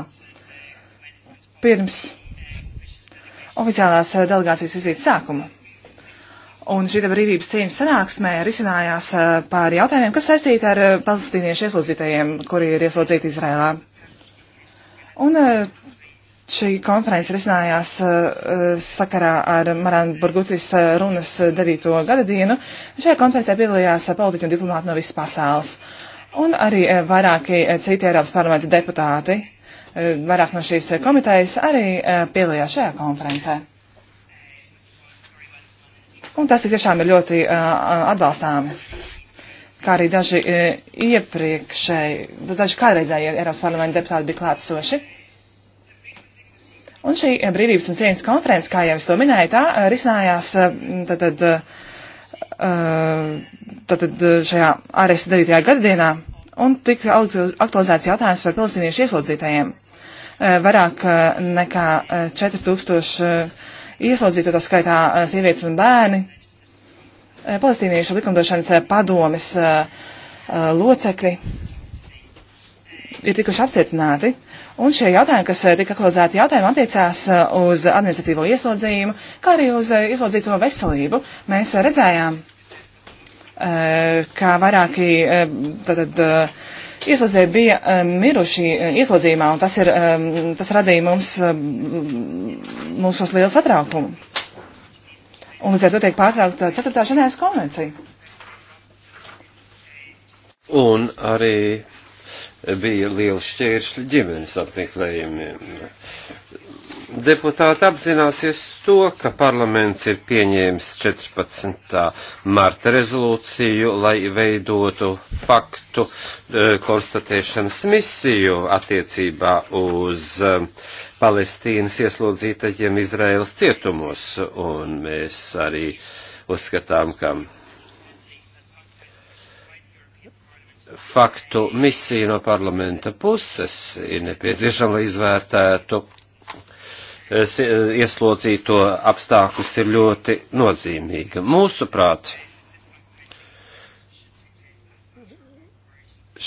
Pirms oficiālās delegācijas vizītes sākuma. Un šī brīvības cīņas sanāksmē risinājās pār jautājumiem, kas saistīti ar palestīniešu ieslodzītajiem, kuri ir ieslodzīti Izrēlā. Un Šī konference risinājās uh, sakarā ar Marānu Burgutis eh, runas 9. gada dienu. Šajā konferencē piedalījās eh, politiķi un diplomāti no visas pasaules. Un arī uh, vairāki uh, citi Eiropas parlamenta deputāti, uh, vairāk no šīs komitejas, arī uh, piedalījās šajā konferencē. Un tas tiešām ir ļoti uh, atbalstāmi. Kā arī daži uh, iepriekšēji, daži kādreizēji Eiropas parlamenta deputāti bija klātsoši. Un šī brīvības un cieņas konferences, kā jau es to minēju, tā eh, risinājās eh, tad, tad, eh, tad šajā ARS 9. gadadienā un tika aktualizēts jautājums par palestīniešu ieslodzītajiem. Vairāk nekā 4000 ieslodzīto, tā skaitā sievietes un bērni, palestīniešu likumdošanas padomes locekļi ir tikuši apcietināti Un šie jautājumi, kas eh, tika aktualizēti jautājumi, attiecās eh, uz administratīvo ieslodzījumu, kā arī uz eh, ieslodzīto veselību. Mēs redzējām, kā vairāki tātad, ieslodzīja bija miruši ieslodzījumā, un tas, ir, tas radīja mums mūsos lielu satraukumu. Un līdz ar to tiek pārtraukta 4. ženēvas konvencija. Un arī bija liels šķēršļi ģimenes apmeklējumiem. Deputāti apzināsies to, ka parlaments ir pieņēmis 14. marta rezolūciju, lai veidotu faktu e, konstatēšanas misiju attiecībā uz e, Palestīnas ieslodzītajiem Izraels cietumos, un mēs arī uzskatām, ka faktu misija no parlamenta puses ir nepieciešama, lai izvērtētu eh, ieslodzīto apstākļus, ir ļoti nozīmīga. Mūsuprāt,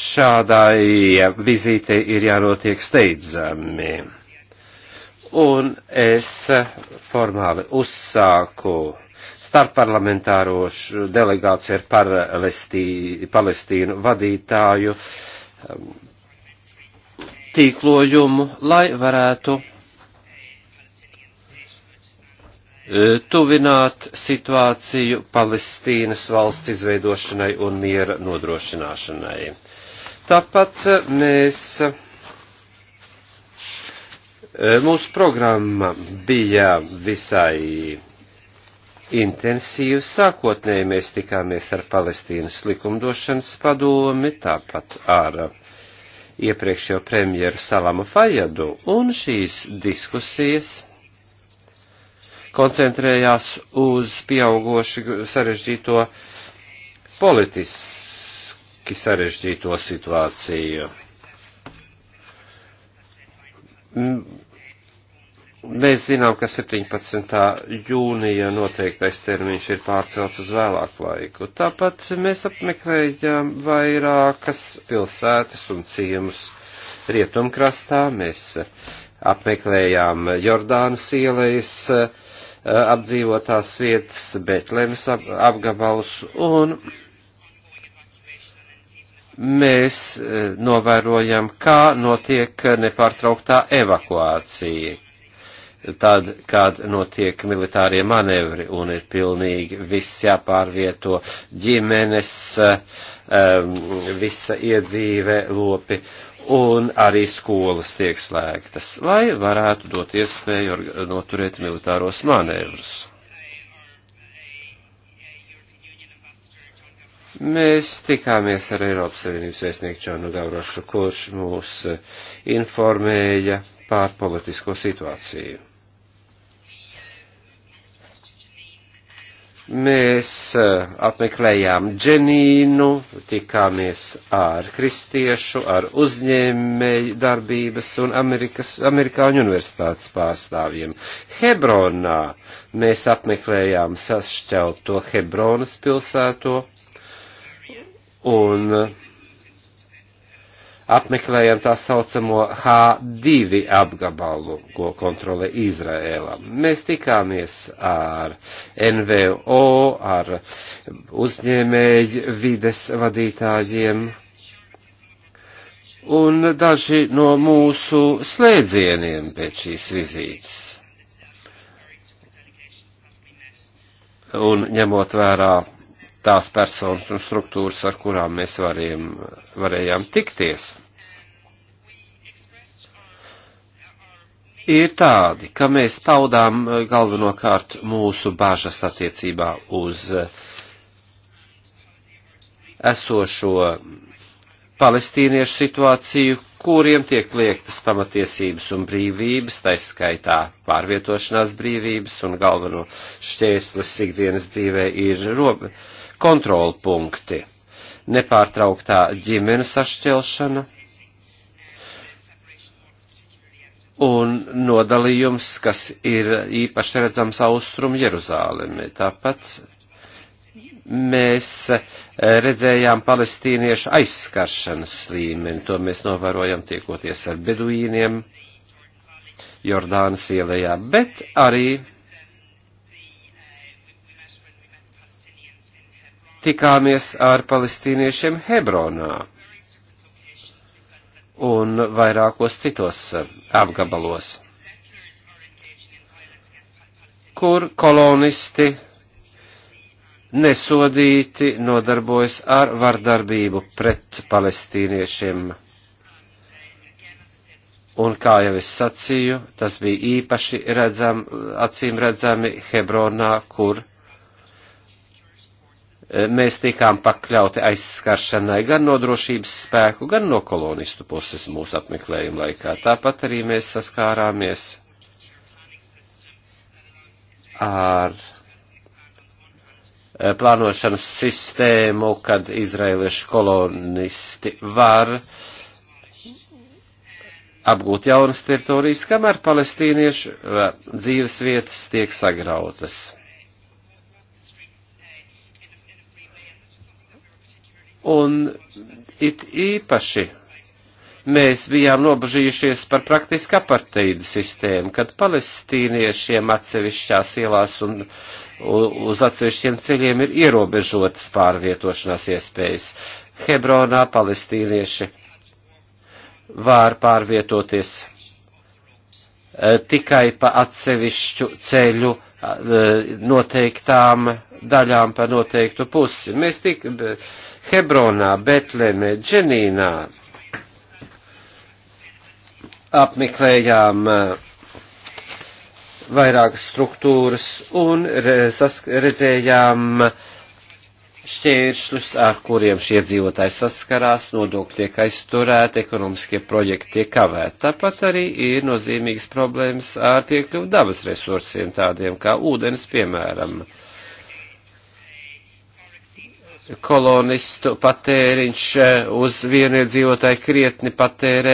šādai vizītei ir jānotiek steidzami. Un es formāli uzsāku starpparlamentāro delegāciju ar paralestī, Palestīnu vadītāju um, tīklojumu, lai varētu e, tuvināt situāciju Palestīnas valsts izveidošanai un miera nodrošināšanai. Tāpat e, mēs, e, mūsu programma bija visai intensīvi. Sākotnēji mēs tikāmies ar Palestīnas likumdošanas padomi, tāpat ar uh, iepriekšējo premjeru Salamu Fajadu, un šīs diskusijas koncentrējās uz pieaugoši sarežģīto politiski sarežģīto situāciju Mēs zinām, ka 17. jūnija noteiktais termiņš ir pārcelts uz vēlāku laiku. Tāpat mēs apmeklējam vairākas pilsētas un ciemus rietumkrastā. Mēs apmeklējām Jordānas ielais apdzīvotās vietas, Betlemes apgabals un mēs eh, novērojam, kā notiek nepārtrauktā evakuācija, tad, kad notiek militārie manevri un ir pilnīgi viss jāpārvieto ģimenes, visa iedzīve, lopi un arī skolas tiek slēgtas, lai varētu dot iespēju noturēt militāros manevrus. Mēs tikāmies ar Eiropas Savienības vēstnieku Čānu Gavrošu, kurš mūs informēja pār politisko situāciju. Mēs eh, apmeklējām Dženīnu, tikāmies ar kristiešu, ar uzņēmēju darbības un Amerikas, Amerikāņu universitātes pārstāvjiem. Hebronā mēs apmeklējām sašķelto Hebronas pilsēto un uh, apmeklējam tā saucamo H2 apgabalu, ko kontrolē Izraēla. Mēs tikāmies ar NVO, ar uzņēmēju vides vadītājiem, un daži no mūsu slēdzieniem pēc šīs vizītes. Un ņemot vērā tās personas un struktūras, ar kurām mēs varējām, varējām tikties. ir tādi, ka mēs paudām eh, galvenokārt mūsu bažas attiecībā uz eh, esošo palestīniešu situāciju, kuriem tiek liektas pamatiesības un brīvības, taiskaitā pārvietošanās brīvības un galveno šķēslis ikdienas dzīvē ir robežas kontrolpunkti, nepārtrauktā ģimenes sašķelšana un nodalījums, kas ir īpaši redzams austrumu Jeruzālemi. Tāpat mēs redzējām palestīniešu aizskaršanas līmeni, to mēs novērojam tiekoties ar beduīniem Jordānas ielējā, bet arī tikāmies ar palestīniešiem Hebronā un vairākos citos eh, apgabalos, kur kolonisti nesodīti nodarbojas ar vardarbību pret palestīniešiem. Un kā jau es sacīju, tas bija īpaši redzam, acīm redzami Hebronā, kur mēs tikām pakļauti aizskaršanai gan no drošības spēku, gan no kolonistu puses mūsu apmeklējuma laikā. Tāpat arī mēs saskārāmies ar eh, plānošanas sistēmu, kad izraeliešu kolonisti var apgūt jaunas teritorijas, kamēr palestīniešu eh, dzīves vietas tiek sagrautas Un it īpaši mēs bijām nobežījušies par praktiski aparteidu sistēmu, kad palestīniešiem atsevišķās ielās un uz atsevišķiem ceļiem ir ierobežotas pārvietošanās iespējas. Hebronā palestīnieši var pārvietoties e, tikai pa atsevišķu ceļu e, noteiktām daļām pa noteiktu pusi. Mēs tik, Hebronā, Betlēmē, Dženīnā apmeklējām uh, vairākas struktūras un redzējām šķēršļus, ar kuriem šie dzīvotāji saskarās, nodokļi tiek aizturēti, ekonomiskie projekti tiek kavēti. Tāpat arī ir nozīmīgas problēmas ar piekļuvu dabas resursiem, tādiem kā ūdens, piemēram kolonistu patēriņš eh, uz vienu iedzīvotāju krietni patērē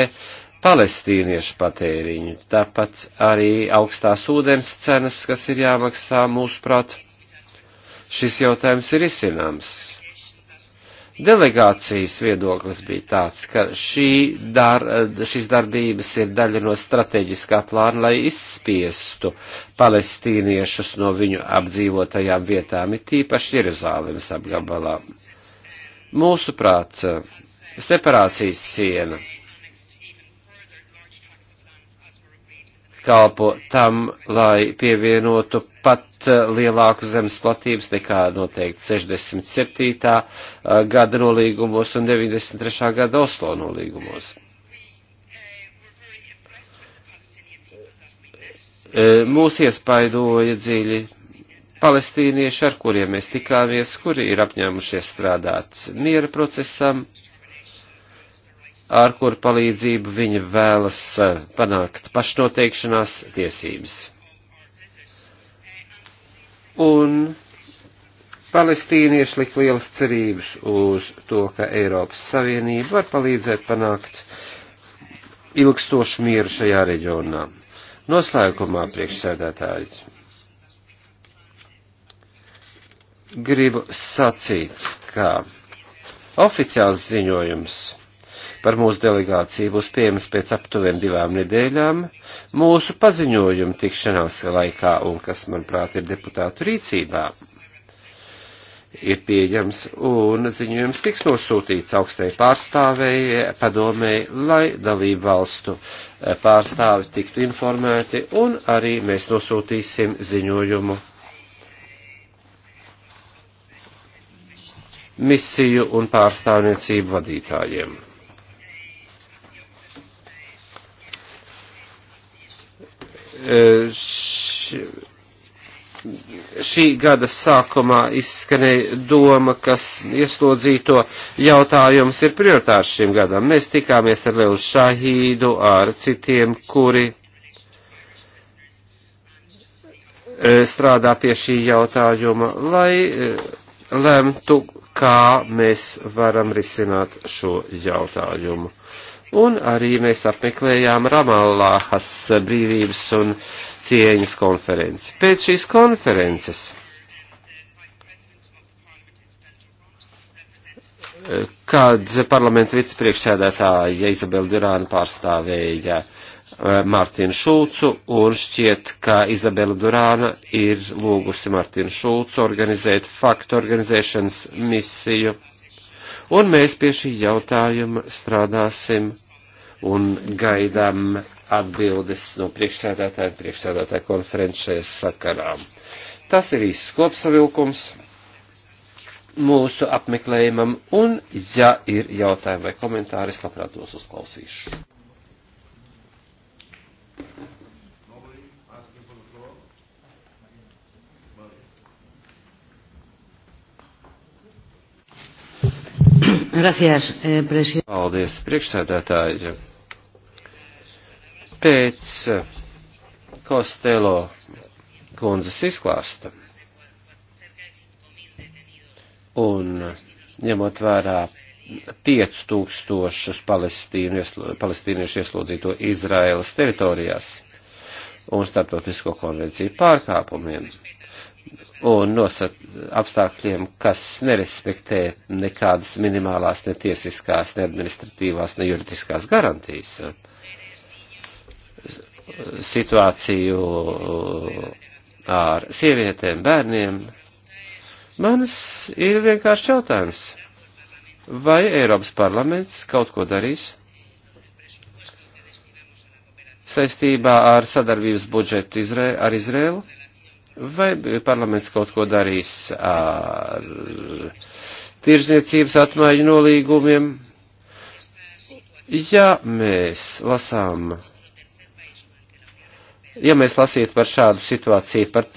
palestīniešu patēriņu. Tāpat arī augstās ūdens cenas, kas ir jāmaksā mūsuprāt, šis jautājums ir izcināms. Delegācijas viedoklis bija tāds, ka šī dar, šis darbības ir daļa no strateģiskā plāna, lai izspiestu palestīniešus no viņu apdzīvotajām vietām, it īpaši Jeruzālēmas apgabalā. Mūsuprāt, separācijas siena kalpo tam, lai pievienotu pat eh, lielāku zemes platības nekā noteikti 67. Eh, gada nolīgumos un 93. gada Oslo nolīgumos. Eh, mūs iespaidoja dziļi palestīnieši, ar kuriem mēs tikāmies, kuri ir apņēmušies strādāt miera procesam ar kur palīdzību viņa vēlas eh, panākt pašnoteikšanās tiesības. Un palestīnieši lika lielas cerības uz to, ka Eiropas Savienība var palīdzēt panākt ilgstošu mieru šajā reģionā. Noslēgumā priekšsēdētāji. Gribu sacīt, ka oficiāls ziņojums par mūsu delegāciju būs pieejams pēc aptuveni divām nedēļām mūsu paziņojuma tikšanās laikā un kas, manuprāt, ir deputātu rīcībā. Ir pieejams un ziņojums tiks nosūtīts augstai pārstāvēji padomēji, lai dalību valstu eh, pārstāvi tiktu informēti un arī mēs nosūtīsim ziņojumu misiju un pārstāvniecību vadītājiem. š, šī gada sākumā izskanēja doma, kas ieslodzīto jautājums ir prioritārs šim gadam. Mēs tikāmies ar Lelu Šahīdu, ar citiem, kuri e, strādā pie šī jautājuma, lai e, lemtu, kā mēs varam risināt šo jautājumu. Un arī mēs apmeklējām Ramallahas brīvības un cieņas konferenci. Pēc šīs konferences kad parlamenta vicepriekšsēdētāja Izabela Durāna pārstāvēja eh, Mārtiņu Šulcu, un šķiet, ka Izabela Durāna ir lūgusi Mārtiņu Šulcu organizēt faktu organizēšanas misiju, un mēs pie šī jautājuma strādāsim un gaidām atbildes no priekšsēdētāja un priekšsēdētāja konferences sakarā. Tas ir īsts kopsavilkums mūsu apmeklējumam, un, ja ir jautājumi vai komentāri, es labprāt tos uzklausīšu. Gracias, eh, presidente. Paldies, priekšsēdētāji. Pēc eh, Kostelo kundzes izklāsta un ņemot vērā 5000 palestīniešu ieslodzīto Izraēlas teritorijās un starptautisko konvenciju pārkāpumiem un nosat apstākļiem, kas nerespektē nekādas minimālās, ne tiesiskās, ne administratīvās, ne juridiskās garantijas situāciju ar sievietēm, bērniem. Manas ir vienkārši jautājums. Vai Eiropas parlaments kaut ko darīs saistībā ar sadarbības budžetu Izrē, ar Izrēlu? Vai parlaments kaut ko darīs ar tirzniecības atmaiņu nolīgumiem? Ja mēs lasām ja mēs lasītu par šādu situāciju par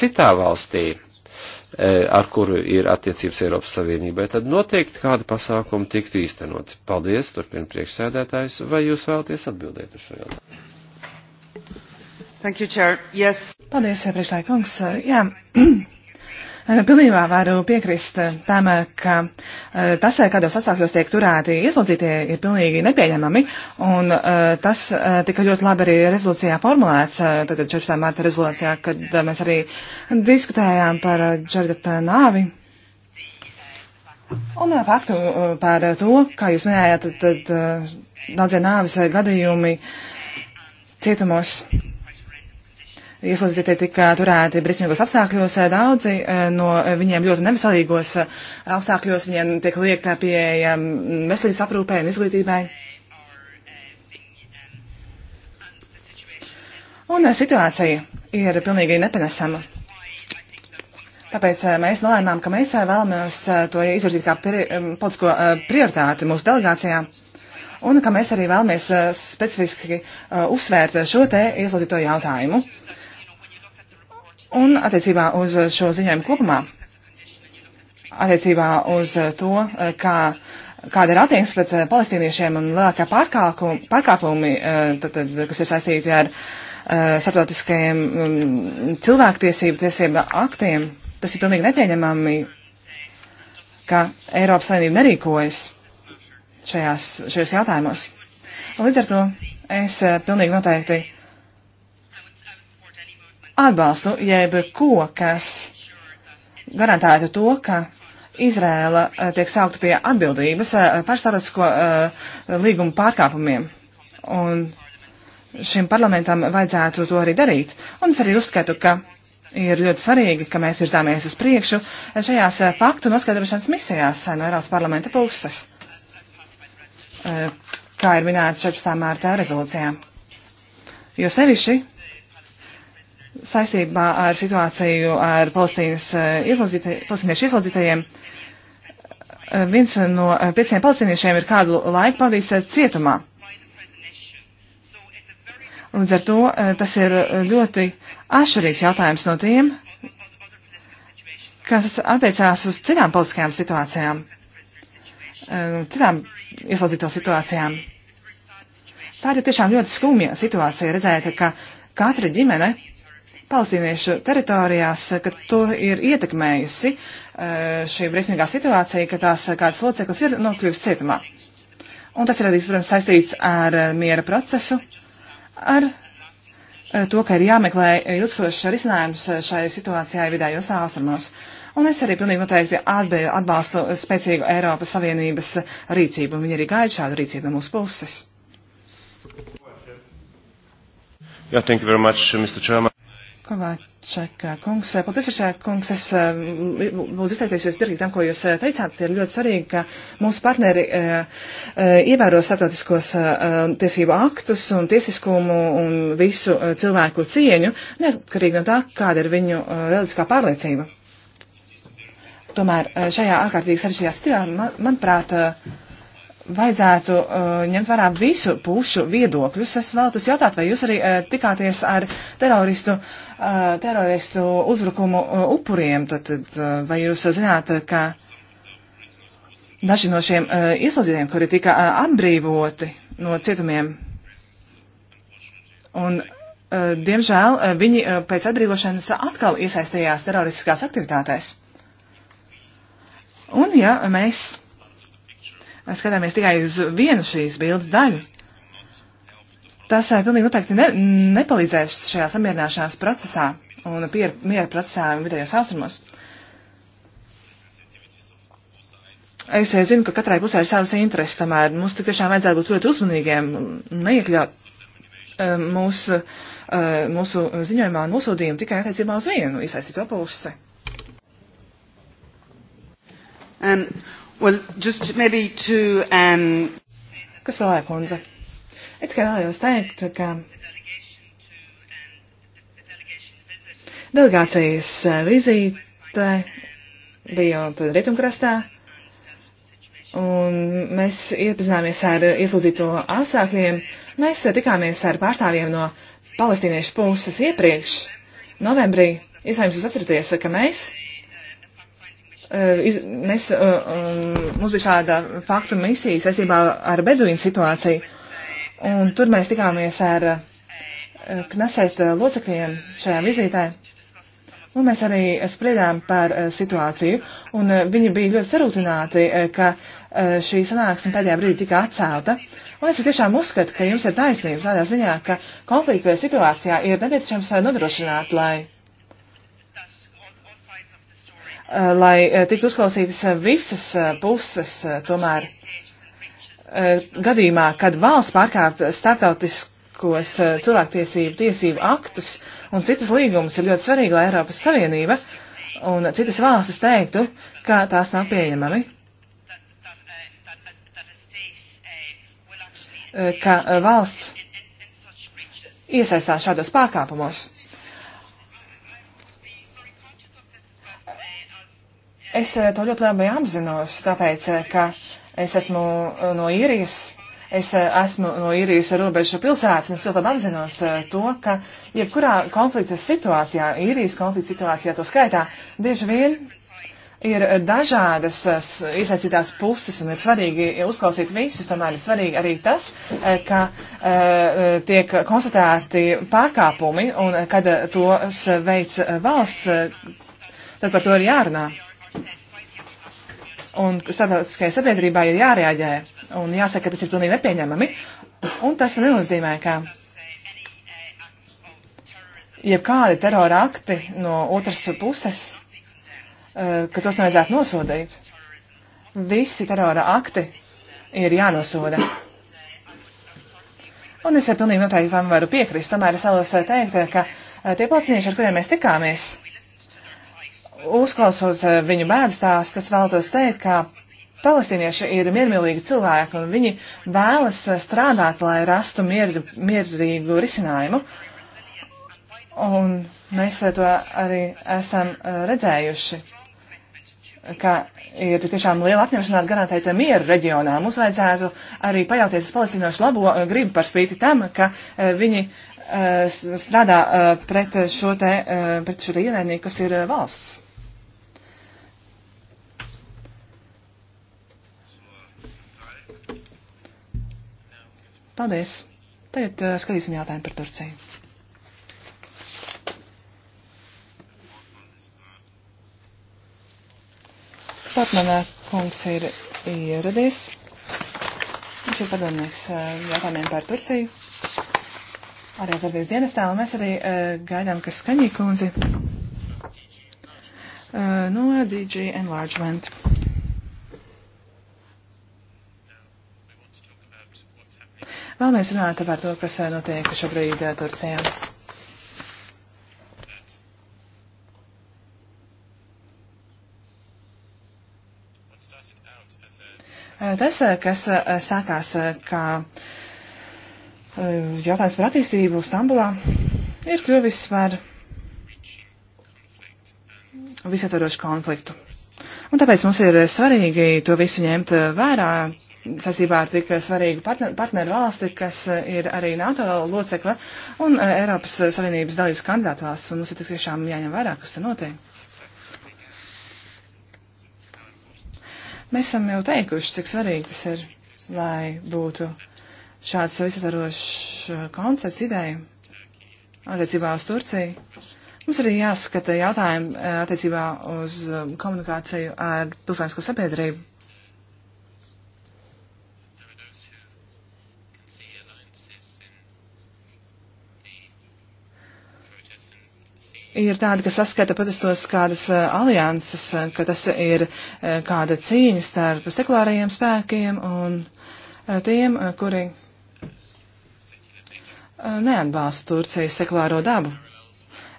citā valstī, e, ar kuru ir attiecības Eiropas Savienībai, tad noteikti kādi pasākumi tiktu īstenoti. Paldies, turpina priekšsēdētājs, vai jūs vēlaties atbildēt uz šo jautājumu? Thank you, Chair. Yes. Paldies, priekšsēdētājs. Jā. Eh, pilnībā varu piekrist eh, tam, eh, ka tas, kādos apstākļos tiek turēti ieslodzītie, ir pilnīgi nepieņemami, un tas tika ļoti labi arī rezolūcijā formulēts, tātad 14. marta rezolūcijā, kad mēs arī diskutējām par Džordata nāvi. Un faktu par to, kā jūs minējāt, tad, tad daudzie nāvis gadījumi cietumos Ieslodzītie tika turēti briesmīgos apstākļos, eh, daudzi eh, no viņiem ļoti neveselīgos eh, apstākļos, viņiem tiek liegtā pieeja mm, veselības aprūpē un izglītībai. Un situācija ir pilnīgi nepanesama. Tāpēc mēs nolēmām, ka mēs vēlamies to izvirzīt kā pri, mm, politisko prioritāti mūsu delegācijā. Un ka mēs arī vēlamies specifiski uzsvērt šo te ieslodzīto jautājumu. Un attiecībā uz šo ziņojumu kopumā, attiecībā uz to, kā, kāda ir attieksme pret eh, palestīniešiem un lielākā pārkāpumi, pārkāpumi eh, tad, tad, kas ir saistīti ar eh, starptautiskajiem mm, cilvēktiesību tiesību aktiem, tas ir pilnīgi nepieņemami, ka Eiropas Savienība nerīkojas šajās, šajos jautājumos. Līdz ar to es pilnīgi noteikti atbalstu jebko, kas garantētu to, ka Izrēla eh, tiek saukta pie atbildības eh, par starptautisko eh, līgumu pārkāpumiem. Un šim parlamentam vajadzētu to arī darīt. Un es arī uzskatu, ka ir ļoti svarīgi, ka mēs virzāmies uz priekšu šajās faktu noskaidrošanas misijās no Eiropas parlamenta puses, kā ir minēts 14. mārtā rezolūcijā. Jo sevišķi saistībā ar situāciju ar eh, palestīniešu ieslodzītajiem. Eh, viens no eh, pieciem palestīniešiem ir kādu laiku pavadījis cietumā. Līdz ar to tas ir ļoti atšķirīgs jautājums no tiem, kas attiecās uz citām politiskajām situācijām, citām ieslodzīto situācijām. Tā ir tiešām ļoti skumja situācija redzēt, ka katra ģimene palestīniešu teritorijās, eh, ka to ir ietekmējusi eh, šī briesmīgā situācija, ka tās eh, kāds loceklis ir nokļuvis cietumā. Un tas ir arī, protams, saistīts ar miera procesu, ar to, ka ir jāmeklē ilgstošs risinājums šai situācijai vidējos austrumos. Un es arī pilnīgi noteikti atbalstu spēcīgu Eiropas Savienības rīcību, un viņi arī gaida šādu rīcību no mūsu puses. Yeah, thank you very much, Mr. Chairman. Kovačeka kungs, paldies par šajā kungs, es eh, lūdzu izteikties jūs pirkīt tam, ko jūs eh, teicāt, ir ļoti svarīgi, ka mūsu partneri e, e, ievēro starptautiskos e, tiesību aktus un tiesiskumu un visu cilvēku cieņu, neatkarīgi no tā, kāda ir viņu reliģiskā pārliecība. Tomēr šajā ārkārtīgi sarežģījā stilā, man, manuprāt, man vajadzētu uh, ņemt vērā visu pušu viedokļus. Es vēlētos jautāt, vai jūs arī uh, tikāties ar teroristu, uh, teroristu uzbrukumu uh, upuriem, tad, tad uh, vai jūs zināt, ka daži no šiem uh, ieslodzītiem, kuri tika uh, atbrīvoti no cietumiem, un, uh, diemžēl, uh, viņi uh, pēc atbrīvošanas atkal iesaistījās teroristiskās aktivitātēs. Un, ja mēs skatāmies tikai uz vienu šīs bildes daļu, tas eh, pilnīgi noteikti ne, nepalīdzēs šajā samierināšanās procesā un pier, miera procesā vidējos austrumos. Es eh, zinu, ka katrai pusē ir savas intereses, tomēr mums tik tiešām vajadzētu būt ļoti uzmanīgiem, neiekļaut eh, mūs, mūsu ziņojumā un nosodījumu tikai attiecībā uz vienu iesaistīto pusi. Um, Well, just maybe to, um... Kas vēl, kundze? Es tikai vēlējos teikt, ka delegācijas uh, vizīte bija Rietumkrastā, un mēs iepazināmies ar ieslūdzīto apstākļiem. Mēs uh, tikāmies ar pārstāvjiem no palestīniešu puses iepriekš, novembrī. Iespējams, jūs atceraties, ka mēs Eh, iz, mēs, eh, eh, mums bija šāda faktu misija saistībā ar Beduīnu situāciju, un tur mēs tikāmies ar Knesēt locekļiem šajā vizītē. Un mēs arī spriedām par situāciju, un viņi bija ļoti sarūtināti, ka šī sanāksme pēdējā brīdī tika atcelta. Un es tiešām uzskatu, ka jums ir taisnība tādā ziņā, ka konflikta situācijā ir nepieciešams nodrošināt, lai Eh, lai eh, tiktu uzklausītas eh, visas puses tomēr gadījumā, kad valsts pārkāp starptautiskos cilvēktiesību tiesību aktus un citus līgumus, ir ļoti svarīgi, lai Eiropas Savienība un citas valstis teiktu, ka tās nav pieņemami. ka valsts iesaistās šādos pārkāpumos. Es eh, to ļoti labi apzinos, tāpēc, eh, ka es esmu eh, no īrijas, es esmu no īrijas robežu pilsētas, un es ļoti labi apzinos to, ka jebkurā konflikta situācijā, īrijas konflikta situācijā to skaitā, bieži vien ir dažādas iesaistītās puses un ir svarīgi uzklausīt visus, tomēr ir svarīgi arī tas, ka tiek konstatēti pārkāpumi un kad tos veic valsts, tad par to ir jārunā. Un starptautiskajai sabiedrībai ir jārēģē un jāsaka, ka tas ir pilnīgi nepieņemami. Un tas nenozīmē, ka jebkādi terora akti no otras puses, eh, ka tos nevajadzētu nosodīt. Visi terora akti ir jānosoda. Un es jau pilnīgi noteikti tam varu piekrist. Tomēr es vēlos eh, teikt, eh, ka tie palestinieši, ar kuriem mēs tikāmies, uzklausot eh, viņu bērnstāstus, vēlētos teikt, ka palestīnieši ir miermīlīgi cilvēki un viņi vēlas eh, strādāt, lai rastu mier, mierīgu risinājumu. Un mēs to arī esam eh, redzējuši, ka ir tiešām liela apņemšanās garantēt mieru reģionā. Mums vajadzētu arī pajauties uz palestīniešu labo gribu par spīti tam, ka viņi strādā pret šo te, pret šo te ienaidnieku, kas ir valsts. Paldies! Tagad uh, skatīsim jautājumu par Turciju. Patmanā uh, kungs ir ieradies. Viņš ir padomnieks uh, jautājumiem par Turciju. Arī aizdarbies dienestā, un mēs arī uh, gaidām, kas skaņī kundzi uh, no DG Enlargement. Vēlamies runāt par to, kas eh, notiek šobrīd eh, Turcijā. Eh, tas, kas sākās kā jautājums par attīstību Stambulā, ir kļuvis par visatvarošu konfliktu. Un tāpēc mums ir svarīgi to visu ņemt vērā saistībā ar tik svarīgu partner, partneru valsti, kas ir arī NATO locekla un Eiropas Savienības dalības kandidātu valsts. Un mums ir tiešām jāņem vērā, kas tur notiek. Mēs esam jau teikuši, cik svarīgi tas ir, lai būtu šāds visatarošs koncepts ideja attiecībā uz Turciju Mums arī jāskata jautājumi eh, attiecībā uz um, komunikāciju ar pilsētisko sabiedrību. ir tādi, kas saskata protestos kādas eh, alianses, eh, ka tas ir kāda cīņa starp sekulārajiem spēkiem un tiem, kuri neatbalsta Turcijas sekulāro dabu.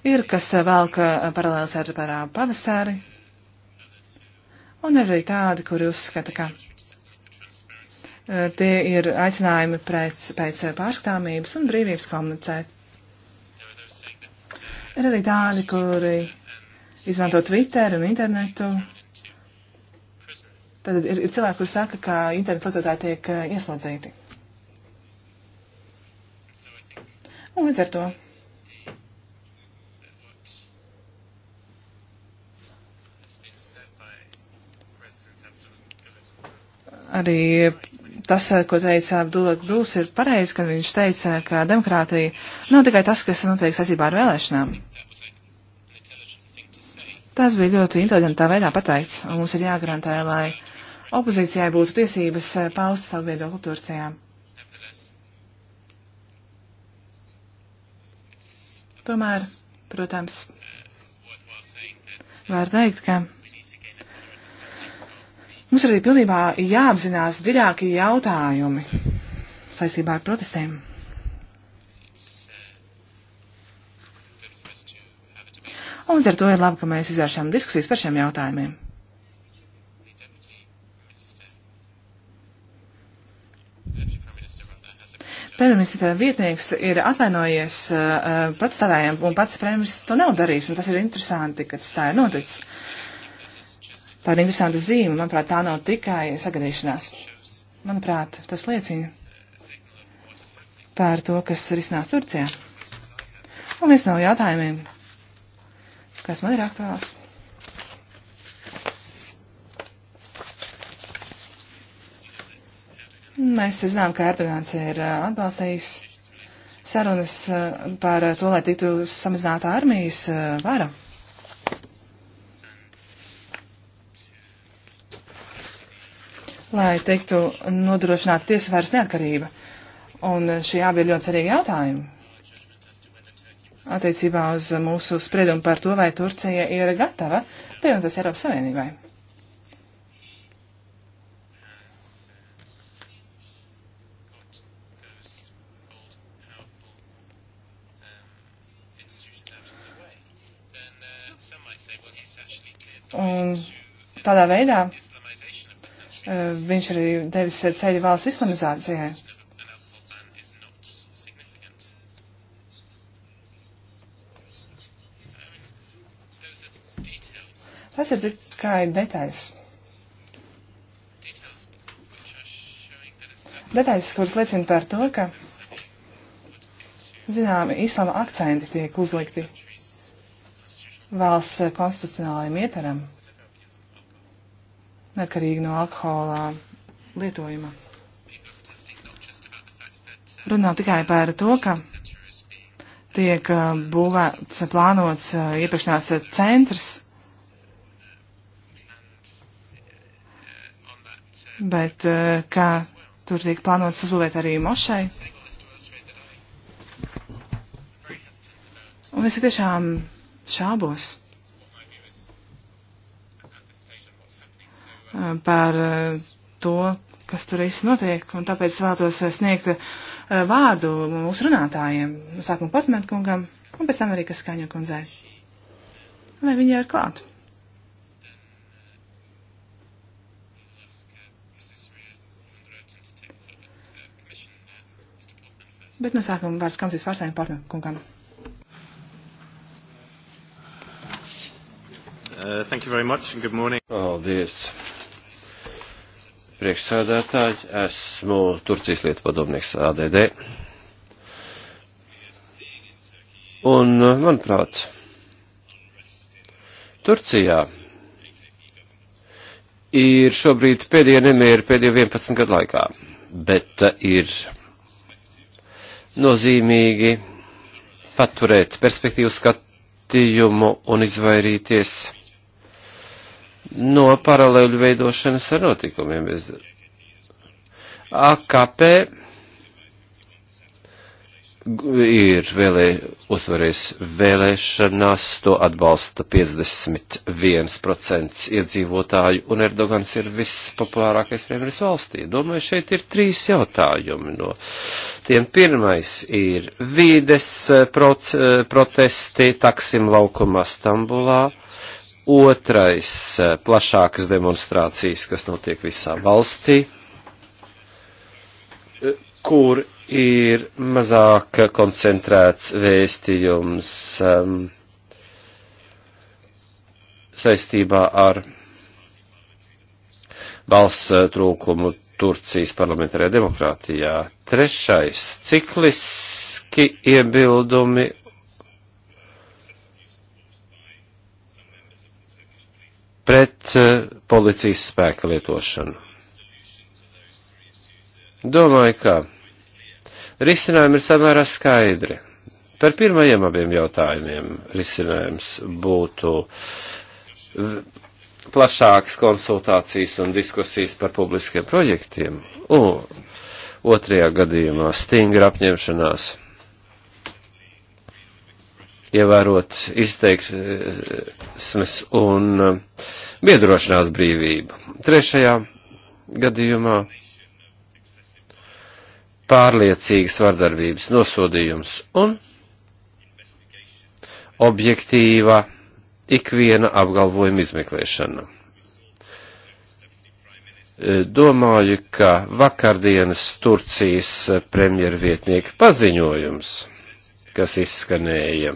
Ir, kas velk paralēlis ar parā pavasari, un ir arī tādi, kuri uzskata, ka tie ir aicinājumi pēc, pēc pārskatāmības un brīvības komunicēt. Ir arī tādi, kuri izmanto Twitter un internetu. Tad ir, ir cilvēki, kuri saka, ka internetu lietotāji tiek ieslodzīti. Un līdz ar to arī tas, ko teica Abdulak Brūs, ir pareizi, kad viņš teica, ka demokrātija nav tikai tas, kas notiek saistībā ar vēlēšanām. Tas bija ļoti inteliģentā veidā pateikts, un mums ir jāgarantē, lai opozīcijai būtu tiesības paust savu viedokli Turcijā. Tomēr, protams, var teikt, ka Mums arī pilnībā jāapzinās dziļākie jautājumi saistībā ar protestēm. Un līdz ar to ir labi, ka mēs izvēršām diskusijas par šiem jautājumiem. Premjerministra vietnieks ir atvainojies uh, uh, protestētājiem, un pats premjerministrs to nav darījis, un tas ir interesanti, ka tas tā ir noticis. Uh, tāda interesanta zīme. Manuprāt, tā nav tikai sagadīšanās. Manuprāt, tas liecina par to, kas ir iznācis Turcijā. Un viens no jautājumiem, kas man ir aktuāls. Mēs zinām, ka Erdogans ir uh, atbalstījis sarunas uh, par uh, to, lai tiktu samazināta armijas vara. lai tiktu nodrošināta tiesvaras neatkarība. Un šie abi ir ļoti svarīgi jautājumi. Attiecībā uz mūsu spriedumu par to, vai Turcija ir gatava pievienoties Eiropas Savienībai. Un tādā veidā Eh, viņš arī devis eh, ceļu valsts islamizācijai. Tas ir tikai detaļas. Detaļas, kuras liecina par to, ka, zinām, islama akcenti tiek uzlikti valsts konstitucionālajiem ietaram neatkarīgi no alkohola lietojuma. Runa nav tikai par to, ka tiek uh, būvēts, plānots uh, iepriekšnās centrs, bet uh, ka tur tiek plānots uzbūvēt arī mošai. Un es tiešām šābos. par eh, to, kas tur īsti notiek, un tāpēc vēlētos eh, sniegt eh, vārdu mūsu runātājiem, sākumā Portmentkungam, un pēc tam arī Kaskaņa kundzei. Vai viņi jau ir klāt? Bet no sākuma vārds komisijas pārstāvjiem Portmentkungam. Uh, thank you very much and good morning. Paldies. Oh, priekšsēdētāji, esmu Turcijas lietu padomnieks ADD. Un, manuprāt, Turcijā ir šobrīd pēdējie nemieri pēdējo 11 gadu laikā, bet ir nozīmīgi paturēt perspektīvu skatījumu un izvairīties no paralēļu veidošanas ar notikumiem. Bez AKP ir vēlē, uzvarējis vēlēšanās, to atbalsta 51% iedzīvotāju, un Erdogans ir vispopulārākais premjeras valstī. Domāju, šeit ir trīs jautājumi no tiem. Pirmais ir vīdes eh, proc, protesti taksim laukumā Stambulā Otrais eh, - plašākas demonstrācijas, kas notiek visā valstī, eh, kur ir mazāk koncentrēts vēstījums um, saistībā ar balss eh, trūkumu Turcijas parlamentārajā demokrātijā. Trešais - cikliski iebildumi pret eh, policijas spēka lietošanu. Domāju, ka risinājumi ir samērā skaidri. Par pirmajiem abiem jautājumiem risinājums būtu eh, plašākas konsultācijas un diskusijas par publiskiem projektiem, un otrajā gadījumā stingra apņemšanās ievērot izteiksmes un eh, biedrošanās brīvību. Trešajā gadījumā pārliecīgas vardarbības nosodījums un objektīva ikviena apgalvojuma izmeklēšana. Eh, domāju, ka vakardienas Turcijas premjervietnieka paziņojums, kas izskanēja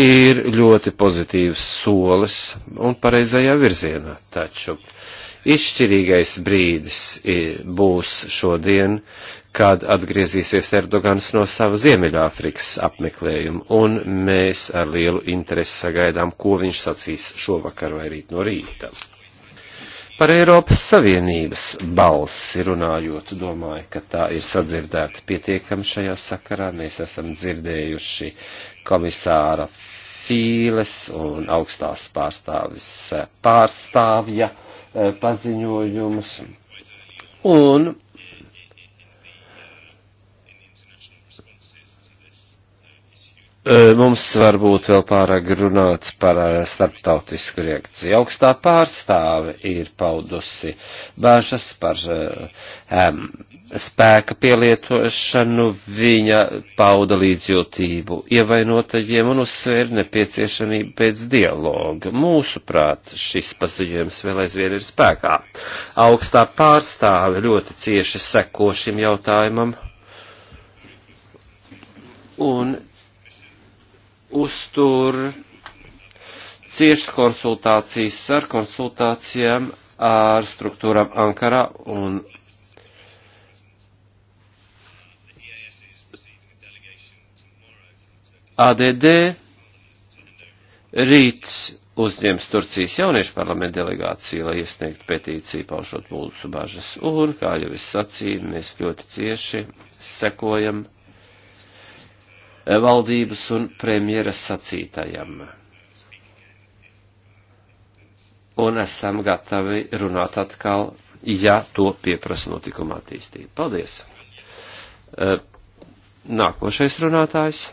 ir ļoti pozitīvs solis un pareizajā virzienā. Taču izšķirīgais brīdis būs šodien, kad atgriezīsies Erdogans no sava Ziemeļāfrikas apmeklējuma, un mēs ar lielu interesi sagaidām, ko viņš sacīs šovakar vai rīt no rīta. Par Eiropas Savienības balsi runājot, domāju, ka tā ir sadzirdēta pietiekami šajā sakarā. Mēs esam dzirdējuši komisāra Fīles un augstās pārstāvis eh, pārstāvja eh, paziņojumus. Un eh, mums varbūt vēl pārāk runāts par starptautisku reakciju. Augstā pārstāve ir paudusi bāžas par um, spēka pielietošanu, viņa pauda līdzjūtību ievainotajiem un uzsvēra nepieciešamību pēc dialoga. Mūsuprāt, šis paziņojums vēl aizvien ir spēkā. Augstā pārstāve ļoti cieši seko šim jautājumam un uztur ciešas konsultācijas ar konsultācijām ar struktūram Ankarā un ADD rīt uzņems Turcijas jauniešu parlamenta delegāciju, lai iesniegtu petīciju, paušot mūsu bažas. Un, kā jau es sacīju, mēs ļoti cieši sekojam eh, valdības un premjera sacītajam. Un esam gatavi runāt atkal, ja to pieprasa notikuma attīstība. Paldies! Eh, nākošais runātājs.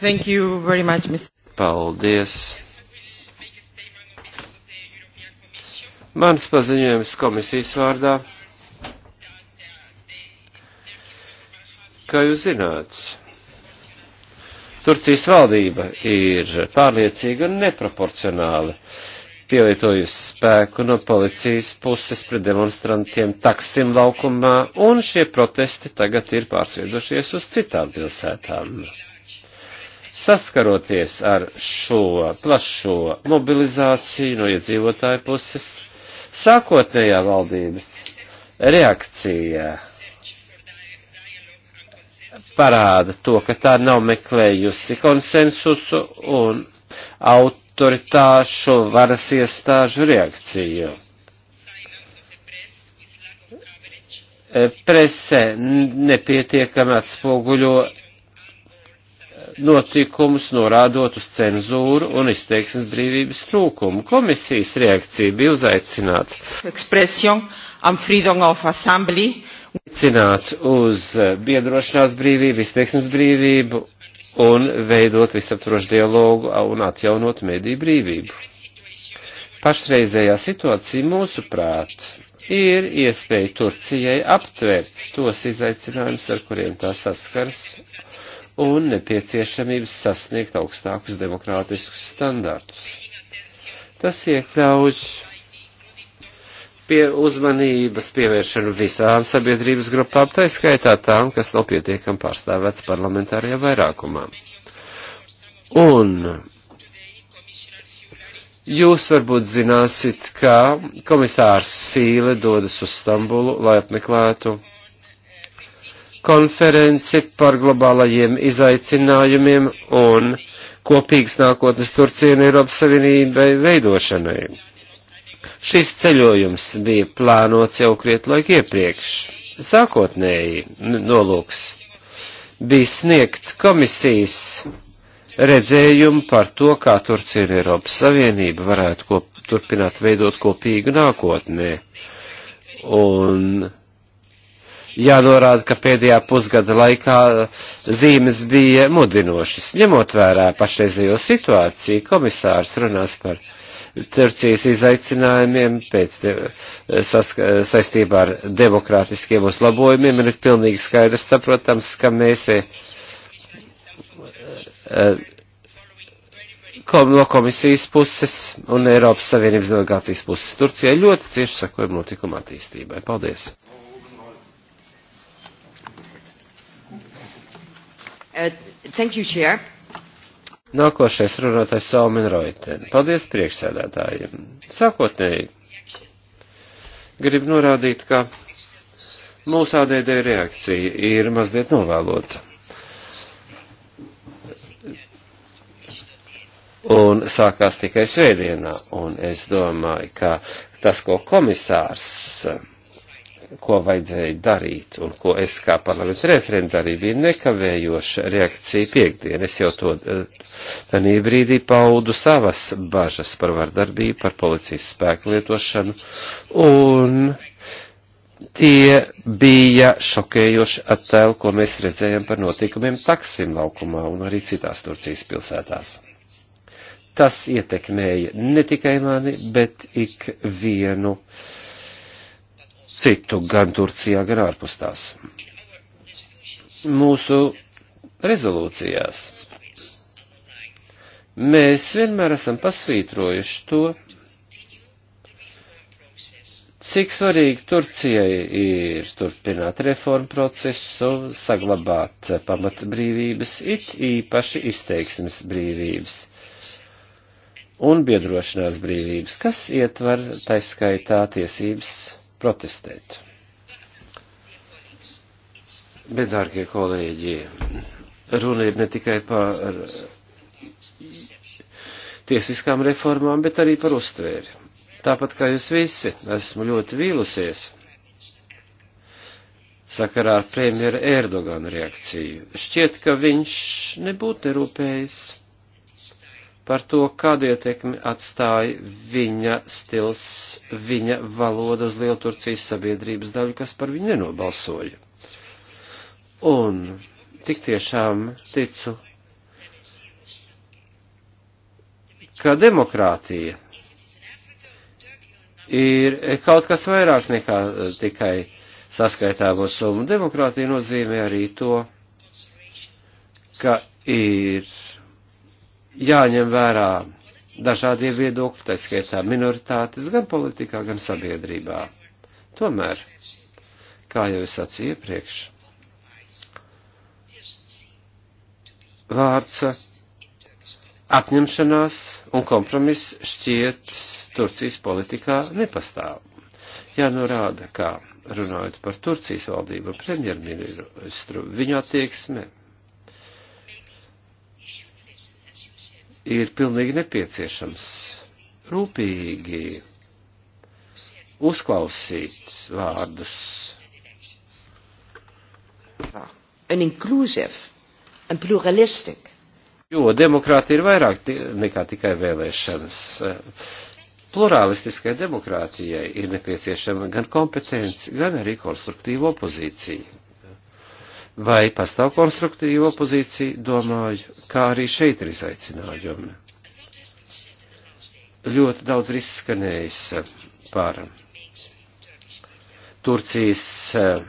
Thank you very much, Mr. Paldies. Mans paziņojums komisijas vārdā. Kā jūs zināt, Turcijas valdība ir pārliecīga un neproporcionāla pielietojusi spēku no policijas puses pret demonstrantiem taksim laukumā, un šie protesti tagad ir pārsviedušies uz citām pilsētām. Saskaroties ar šo plašo mobilizāciju no iedzīvotāju puses, sākotnējā valdības reakcija parāda to, ka tā nav meklējusi konsensusu un autoritāšu varas iestāžu reakciju. Prese nepietiekami atspoguļo notikumus, norādot uz cenzūru un izteiksmes brīvības trūkumu. Komisijas reakcija bija uzaicināts. Aicināt uz biedrošanās brīvību, izteiksmes brīvību un veidot visaptrošu dialogu un atjaunot mediju brīvību. Pašreizējā situācija mūsuprāt ir iespēja Turcijai aptvērt tos izaicinājumus, ar kuriem tā saskars un nepieciešamības sasniegt augstākus demokrātiskus standārtus. Tas iekļauj pie uzmanības pievēršanu visām sabiedrības grupām, tā skaitā tām, kas nav pietiekami pārstāvēts parlamentārajā vairākumā. Un Jūs varbūt zināsit, ka komisārs Fīle dodas uz Stambulu, lai apmeklētu konferenci par globālajiem izaicinājumiem un kopīgas nākotnes Turcija un Eiropas Savienībai veidošanai. Šis ceļojums bija plānots jau krietni laika iepriekš. Sākotnēji nolūks bija sniegt komisijas redzējumu par to, kā Turcija un Eiropas Savienība varētu kop, turpināt veidot kopīgu nākotnē. Un jānorāda, ka pēdējā pusgada laikā zīmes bija mudinošas. Ņemot vērā pašreizējo situāciju, komisārs runās par Turcijas izaicinājumiem pēc de, sas, saistībā ar demokrātiskiem uzlabojumiem, un ir pilnīgi skaidrs saprotams, ka mēs eh, eh, kom, no komisijas puses un Eiropas Savienības delegācijas puses Turcijai ļoti cieši sakojam notikuma attīstībai. Paldies! Uh, thank you, Chair. Nākošais runātais Salmen Roiten. Paldies priekšsēdētājiem. Sākotnēji gribu norādīt, ka mūsu ADD reakcija ir mazliet novēlota. Un sākās tikai svētdienā, un es domāju, ka tas, ko komisārs ko vajadzēja darīt un ko es kā parlaments referents darīju, bija nekavējoša reakcija piekdien. Es jau to eh, tanī brīdī paudu savas bažas par vardarbību, par policijas spēku lietošanu un tie bija šokējoši attēli, ko mēs redzējām par notikumiem Taksim laukumā un arī citās Turcijas pilsētās. Tas ietekmēja ne tikai mani, bet ik vienu uh, citu, gan Turcijā, gan ārpus tās. Mūsu rezolūcijās mēs vienmēr esam pasvītrojuši to, cik svarīgi Turcijai ir turpināt reformu procesu, saglabāt pamats brīvības, it īpaši izteiksmes brīvības un biedrošanās brīvības, kas ietver taiskaitā tiesības protestēt. Bet, dārgie kolēģi, runa ir ne tikai par tiesiskām reformām, bet arī par uztvēri. Tāpat kā jūs visi, esmu ļoti vīlusies sakarā ar premjera Erdogana reakciju. Šķiet, ka viņš nebūtu nerūpējis par to, kādu ietekmi atstāja viņa stils, viņa valoda uz Lielturcijas sabiedrības daļu, kas par viņu nenobalsoja. Un tik tiešām ticu, ka demokrātija ir kaut kas vairāk nekā tikai saskaitāmo summu. Demokrātija nozīmē arī to, ka ir jāņem vērā dažādie viedokļi, tā skaitā minoritātes, gan politikā, gan sabiedrībā. Tomēr, kā jau es sacīju iepriekš, vārds apņemšanās un kompromiss šķiet Turcijas politikā nepastāv. Jānorāda, kā runājot par Turcijas valdību premjerministru, viņu attieksme ir pilnīgi nepieciešams rūpīgi uzklausīt vārdus. An inclusive and pluralistic. Jo demokrātija ir vairāk nekā tikai vēlēšanas. Plurālistiskai demokrātijai ir nepieciešama gan kompetence, gan arī konstruktīva opozīcija. Vai pastāv konstruktīva opozīcija? Domāju, kā arī šeit ir izaicinājumi. Ļoti daudz ir izskanējis eh, par Turcijas eh,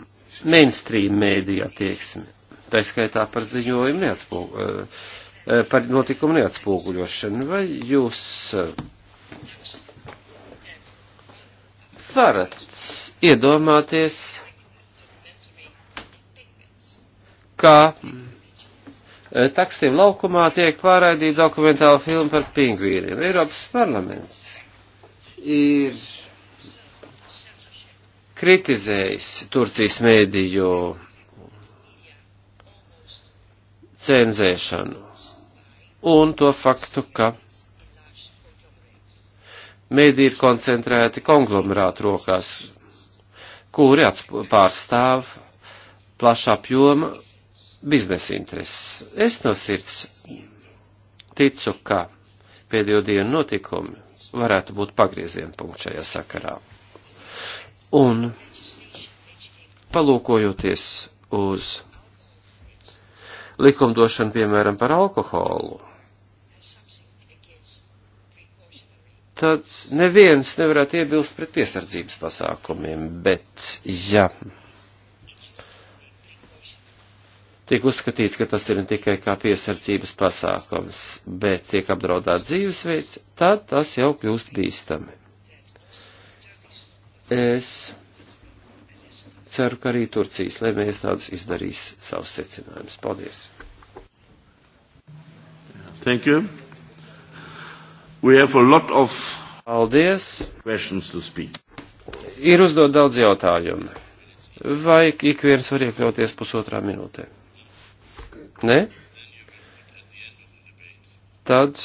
mainstream mēdīja attieksmi. Tā skaitā par ziņojumu neatspūgu, eh, par notikumu neatspūguļošanu. Vai jūs varat iedomāties, ka eh, taksim laukumā tiek pārraidīta dokumentāla filma par pingvīniem. Eiropas parlaments ir kritizējis Turcijas mēdīju cenzēšanu un to faktu, ka mēdī ir koncentrēti konglomerātu rokās, kuri pārstāv plašā apjoma biznesa intereses. Es no sirds ticu, ka pēdējo dienu notikumi varētu būt pagrieziena punkts šajā sakarā. Un palūkojoties uz likumdošanu, piemēram, par alkoholu, tad neviens nevarētu iebilst pret piesardzības pasākumiem, bet, ja tiek uzskatīts, ka tas ir ne tikai kā piesardzības pasākums, bet tiek apdraudāts dzīvesveids, tad tas jau kļūst bīstami. Es ceru, ka arī Turcijas lēmējas tādas izdarīs savus secinājumus. Paldies! Thank you. We have a lot of Paldies. questions to speak. Ir uzdot daudz jautājumu. Vai ik viens var iekļauties pusotrā minūtē? Nē? Tad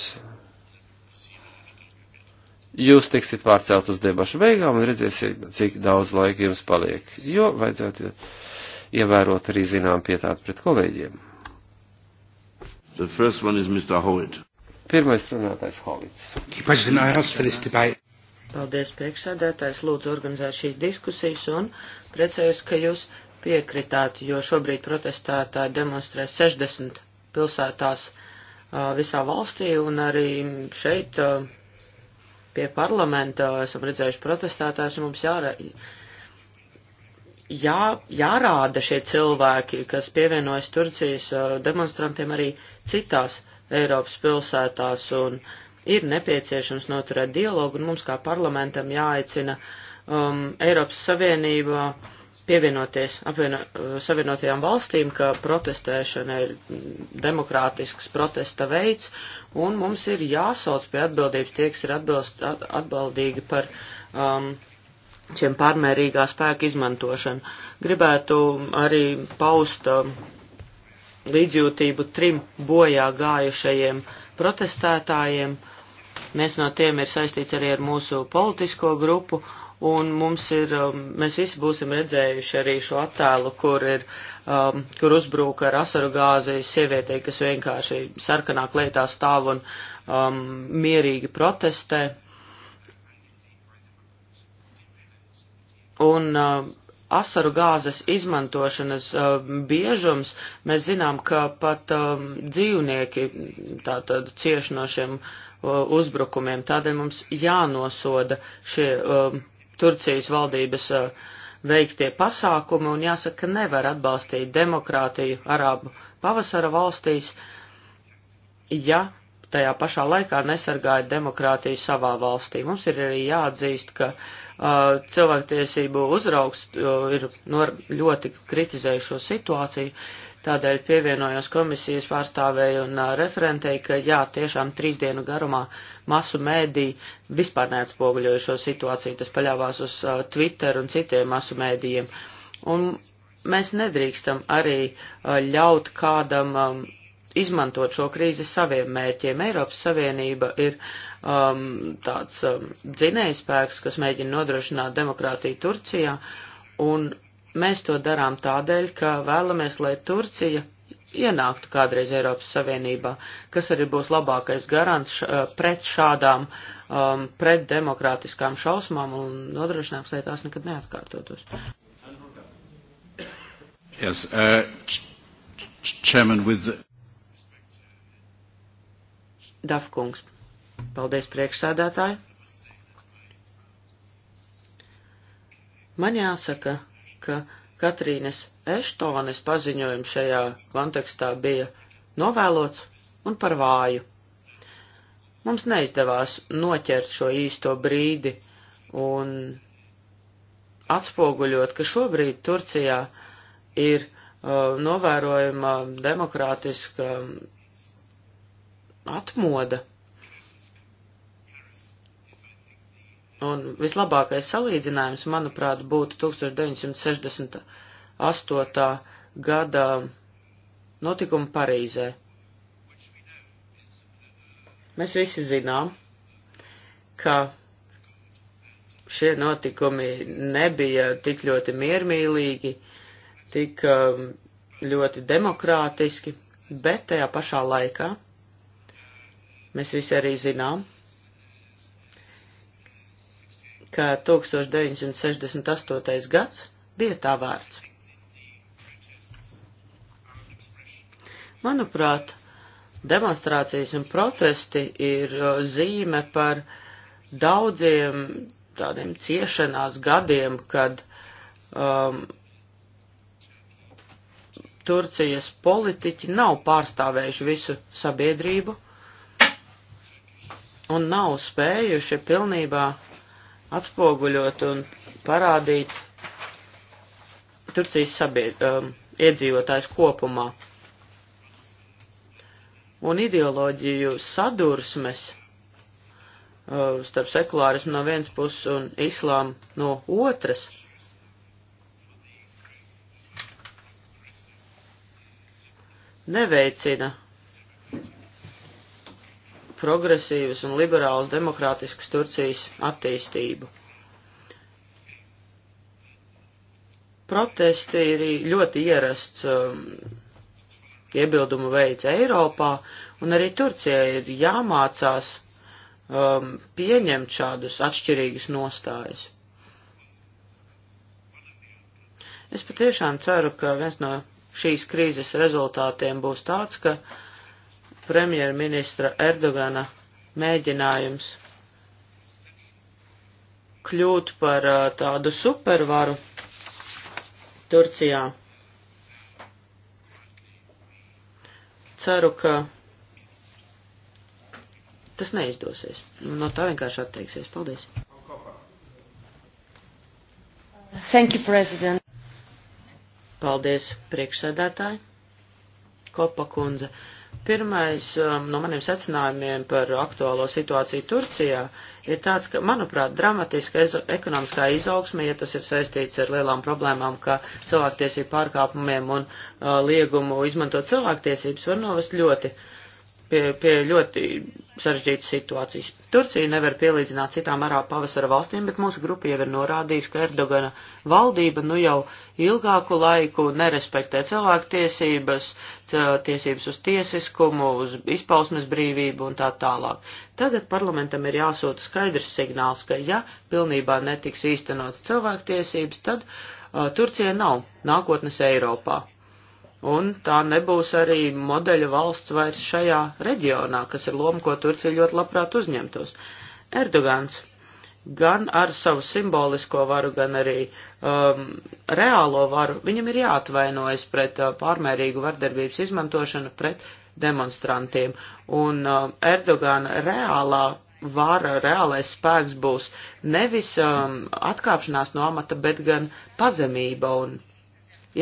jūs tiksiet pārcelt uz debašu beigām un redzēsiet, cik daudz laika jums paliek, jo vajadzētu ievērot arī zinām pietātu pret kolēģiem. Pirmais runātājs Hovits. Paldies, priekšsēdētājs, lūdzu organizēt šīs diskusijas un priecājos, ka jūs piekritāt, jo šobrīd protestētāji demonstrē 60 pilsētās visā valstī un arī šeit pie parlamenta esam redzējuši protestētājus un mums jāra, jā, jārāda šie cilvēki, kas pievienojas Turcijas demonstrantiem arī citās Eiropas pilsētās un ir nepieciešams noturēt dialogu un mums kā parlamentam jāaicina um, Eiropas Savienība uh, pievienoties apvieno, savienotajām valstīm, ka protestēšana ir demokrātisks protesta veids, un mums ir jāsauc pie atbildības tie, kas ir atbilst, at, atbildīgi par um, šiem pārmērīgā spēka izmantošanu. Gribētu arī paust um, līdzjūtību trim bojā gājušajiem protestētājiem. Mēs no tiem ir saistīts arī ar mūsu politisko grupu un mums ir, um, mēs visi būsim redzējuši arī šo attēlu, kur ir, um, kur uzbruka ar asaru gāzi sievietei, kas vienkārši sarkanā klētā stāv un um, mierīgi protestē. Un um, asaru gāzes izmantošanas um, biežums, mēs zinām, ka pat um, dzīvnieki tātad cieši no šiem uh, uzbrukumiem, tādēļ mums jānosoda šie um, Turcijas valdības eh, veiktie pasākumi, un jāsaka, ka nevar atbalstīt demokrātiju Arābu pavasara valstīs, ja tajā pašā laikā nesargāja demokrātiju savā valstī. Mums ir arī jāatzīst, ka uh, cilvēktiesību uzraugs uh, ir nor ļoti kritizējušo situāciju, Tādēļ pievienojos komisijas pārstāvēju un uh, referentei, ka jā, tiešām trīs dienu garumā masu mēdī vispār neatspoguļoja šo situāciju. Tas paļāvās uz uh, Twitter un citiem masu mēdījiem. Un mēs nedrīkstam arī uh, ļaut kādam um, izmantot šo krīzi saviem mērķiem. Eiropas Savienība ir um, tāds um, dzinējspēks, kas mēģina nodrošināt demokrātiju Turcijā. Un Mēs to darām tādēļ, ka vēlamies, lai Turcija ienāktu kādreiz Eiropas Savienībā, kas arī būs labākais garants š, eh, pret šādām, um, pret demokrātiskām šausmām un nodrošinājums, lai tās nekad neatkārtotos. Yes, uh, chairman with... Dafkungs. Paldies priekšsādātāji. Man jāsaka, ka Katrīnes Eštones paziņojums šajā kontekstā bija novēlots un par vāju. Mums neizdevās noķert šo īsto brīdi un atspoguļot, ka šobrīd Turcijā ir uh, novērojama demokrātiska atmoda Un vislabākais salīdzinājums, manuprāt, būtu 1968. gada notikumi Parīzē. Mēs visi zinām, ka šie notikumi nebija tik ļoti miermīlīgi, tik um, ļoti demokrātiski, bet tajā pašā laikā mēs visi arī zinām, ka 1968. gads bija tā vērts. Manuprāt, demonstrācijas un protesti ir zīme par daudziem tādiem ciešanās gadiem, kad um, Turcijas politiķi nav pārstāvējuši visu sabiedrību un nav spējuši pilnībā atspoguļot un parādīt Turcijas sabied, um, iedzīvotājs kopumā. Un ideoloģiju sadursmes uh, starp sekulārismu no vienas puses un islāmu no otras. Neveicina progresīvas un liberālas demokrātiskas Turcijas attīstību. Protesti ir ļoti ierasts um, iebildumu veids Eiropā, un arī Turcijai ir jāmācās um, pieņemt šādus atšķirīgus nostājus. Es patiešām ceru, ka viens no šīs krīzes rezultātiem būs tāds, ka uh, premjerministra Erdogana mēģinājums kļūt par uh, tādu supervaru Turcijā. Ceru, ka tas neizdosies. No tā vienkārši atteiksies. Paldies. Thank you, President. Paldies, priekšsēdētāji. Kopa kundze. Uh, Pirmais um, no maniem secinājumiem par aktuālo situāciju Turcijā ir tāds, ka, manuprāt, dramatiska izo ekonomiskā izaugsme, ja tas ir saistīts ar lielām problēmām, kā cilvēktiesību pārkāpumiem un uh, liegumu izmantot cilvēktiesības, var novest ļoti uh, pie, pie ļoti sarežģītas situācijas. Turcija nevar pielīdzināt citām arābu pavasara valstīm, bet mūsu grupa jau ir norādījusi, ka Erdogana valdība nu jau ilgāku laiku nerespektē cilvēku tiesības, tiesības uz tiesiskumu, uz izpausmes brīvību un tā tālāk. Tagad parlamentam ir jāsūta skaidrs signāls, ka ja pilnībā netiks īstenots cilvēku tiesības, tad uh, Turcija nav nākotnes Eiropā un tā nebūs arī modeļa valsts vairs šajā reģionā, kas ir loma, ko Turcija ļoti labprāt uzņemtos. Erdogans gan ar savu simbolisko varu, gan arī um, reālo varu, viņam ir jāatvainojas pret uh, pārmērīgu vardarbības izmantošanu pret demonstrantiem. Un uh, um, Erdogana reālā vara, reālais spēks būs nevis um, atkāpšanās no amata, bet gan pazemība un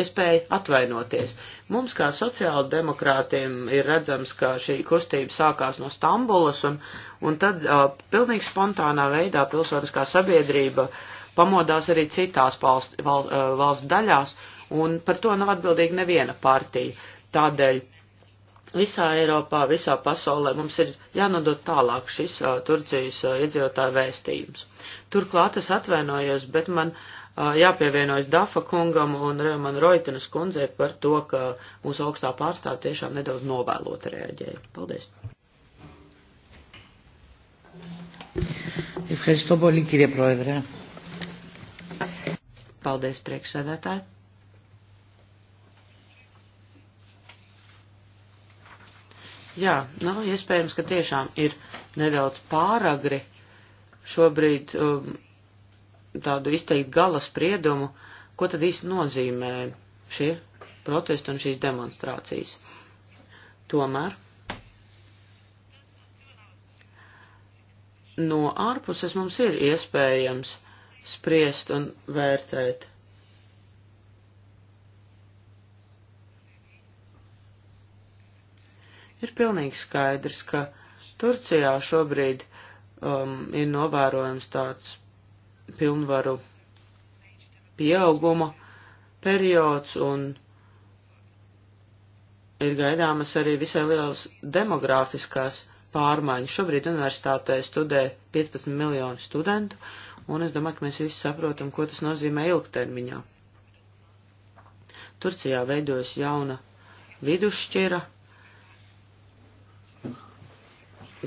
iespēja atvainoties. Mums kā sociāla demokrātiem ir redzams, ka šī kustība sākās no Stambulas un, un tad uh, pilnīgi spontānā veidā pilsoniskā sabiedrība pamodās arī citās valsts, val, valsts daļās un par to nav atbildīga neviena partija. Tādēļ visā Eiropā, visā pasaulē mums ir jānodot tālāk šis uh, Turcijas uh, iedzīvotāju vēstījums. Turklāt es atvainojos, bet man jāpievienojas Dafa kungam un Reman Roitenes kundzei par to, ka mūsu augstā pārstāv tiešām nedaudz novēlota reaģēja. Paldies! Ευχαριστώ πολύ κύριε Πρόεδρε. Paldies, priekšsēdētāji. Jā, nu, iespējams, ka tiešām ir nedaudz pāragri šobrīd um, tādu izteikt gala spriedumu, ko tad īsti nozīmē šie protesti un šīs demonstrācijas. Tomēr no ārpuses mums ir iespējams spriest un vērtēt. Ir pilnīgi skaidrs, ka Turcijā šobrīd um, ir novērojams tāds pilnvaru pieauguma periods un ir gaidāmas arī visai lielas demografiskās pārmaiņas. Šobrīd universitātē studē 15 miljonu studentu, un es domāju, ka mēs visi saprotam, ko tas nozīmē ilgtermiņā. Turcijā veidojas jauna vidusšķira,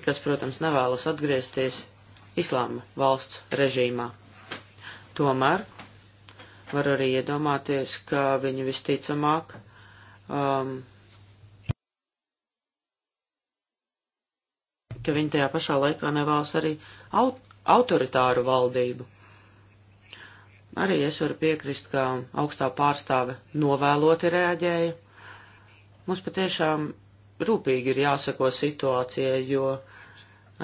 kas, protams, nevēlas atgriezties islāma valsts režīmā. Tomēr var arī iedomāties, ka viņi visticamāk um, ka viņi tajā pašā laikā nevēlas arī aut autoritāru valdību. Arī es varu piekrist, ka augstā pārstāve novēloti reaģēja. Mums patiešām rūpīgi ir jāseko situācijai, jo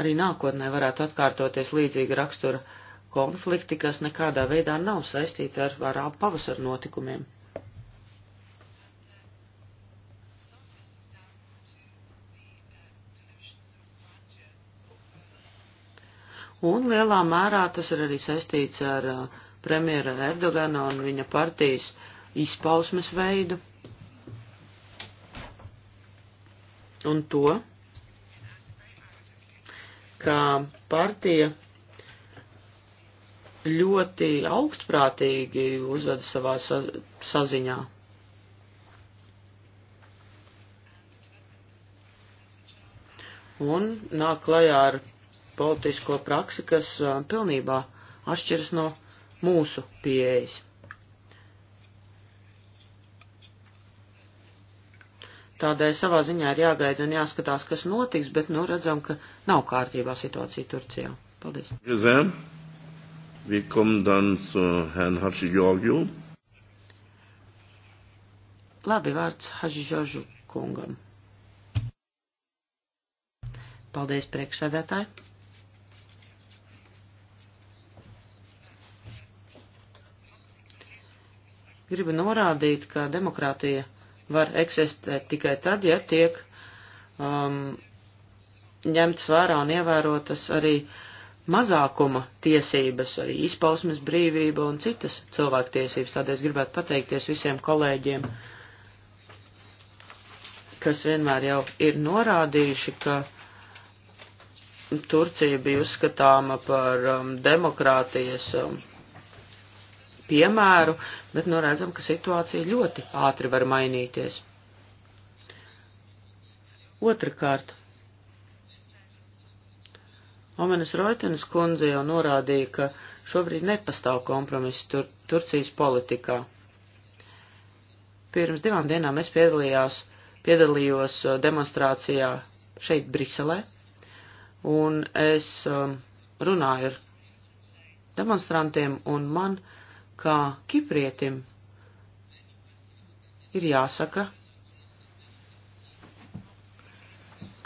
arī nākotnē varētu atkārtoties līdzīga rakstura konflikti, kas nekādā veidā nav saistīti ar arābu pavasaru notikumiem. Un lielā mērā tas ir arī saistīts ar uh, premjera Erdogana un viņa partijas izpausmes veidu un to, kā partija ļoti augstprātīgi uzveda savā sa saziņā. Un nāk klajā ar politisko praksi, kas uh, pilnībā atšķiras no mūsu pieejas. Tādēļ savā ziņā ir jāgaida un jāskatās, kas notiks, bet nu redzam, ka nav kārtībā situācija Turcijā. Paldies. Gezēm. Wir kommen dann zu Herrn Haji Georgiou. Labi, vārds Haji Georgiou kungam. Paldies, priekšsēdētāji. Gribu norādīt, ka demokrātija var eksistēt tikai tad, ja tiek um, ņemtas vērā un ievērotas arī uh, mazākuma tiesības, arī izpausmes brīvība un citas cilvēktiesības. Tādēļ es gribētu pateikties visiem kolēģiem, kas vienmēr jau ir norādījuši, ka Turcija bija uzskatāma par um, demokrātijas um, piemēru, bet nu redzam, ka situācija ļoti ātri var mainīties. Otrakārt, Omenes Roitenes kundze jau norādīja, ka šobrīd nepastāv kompromiss tur, Turcijas politikā. Pirms divām dienām es piedalījās, piedalījos uh, demonstrācijā šeit Briselē, un es um, runāju ar demonstrantiem, un man, kā kiprietim, ir jāsaka,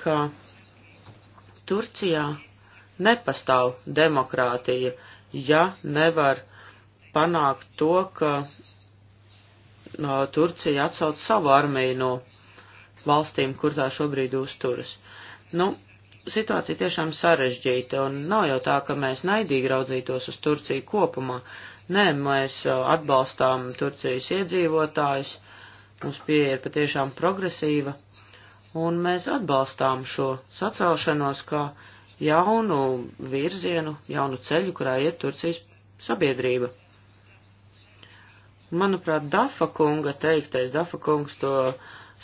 ka Turcijā Nepastāv demokrātija, ja nevar panākt to, ka no, Turcija atsauc savu armiju no valstīm, kur tā šobrīd uzturas. Nu, situācija tiešām sarežģīta, un nav jau tā, ka mēs naidīgi raudzītos uz Turciju kopumā. Nē, mēs atbalstām Turcijas iedzīvotājus, mums pieeja ir patiešām progresīva, un mēs atbalstām šo sacelšanos, kā jaunu virzienu, jaunu ceļu, kurā iet Turcijas sabiedrība. Manuprāt, Dafa kunga teiktais, Dafa kungs to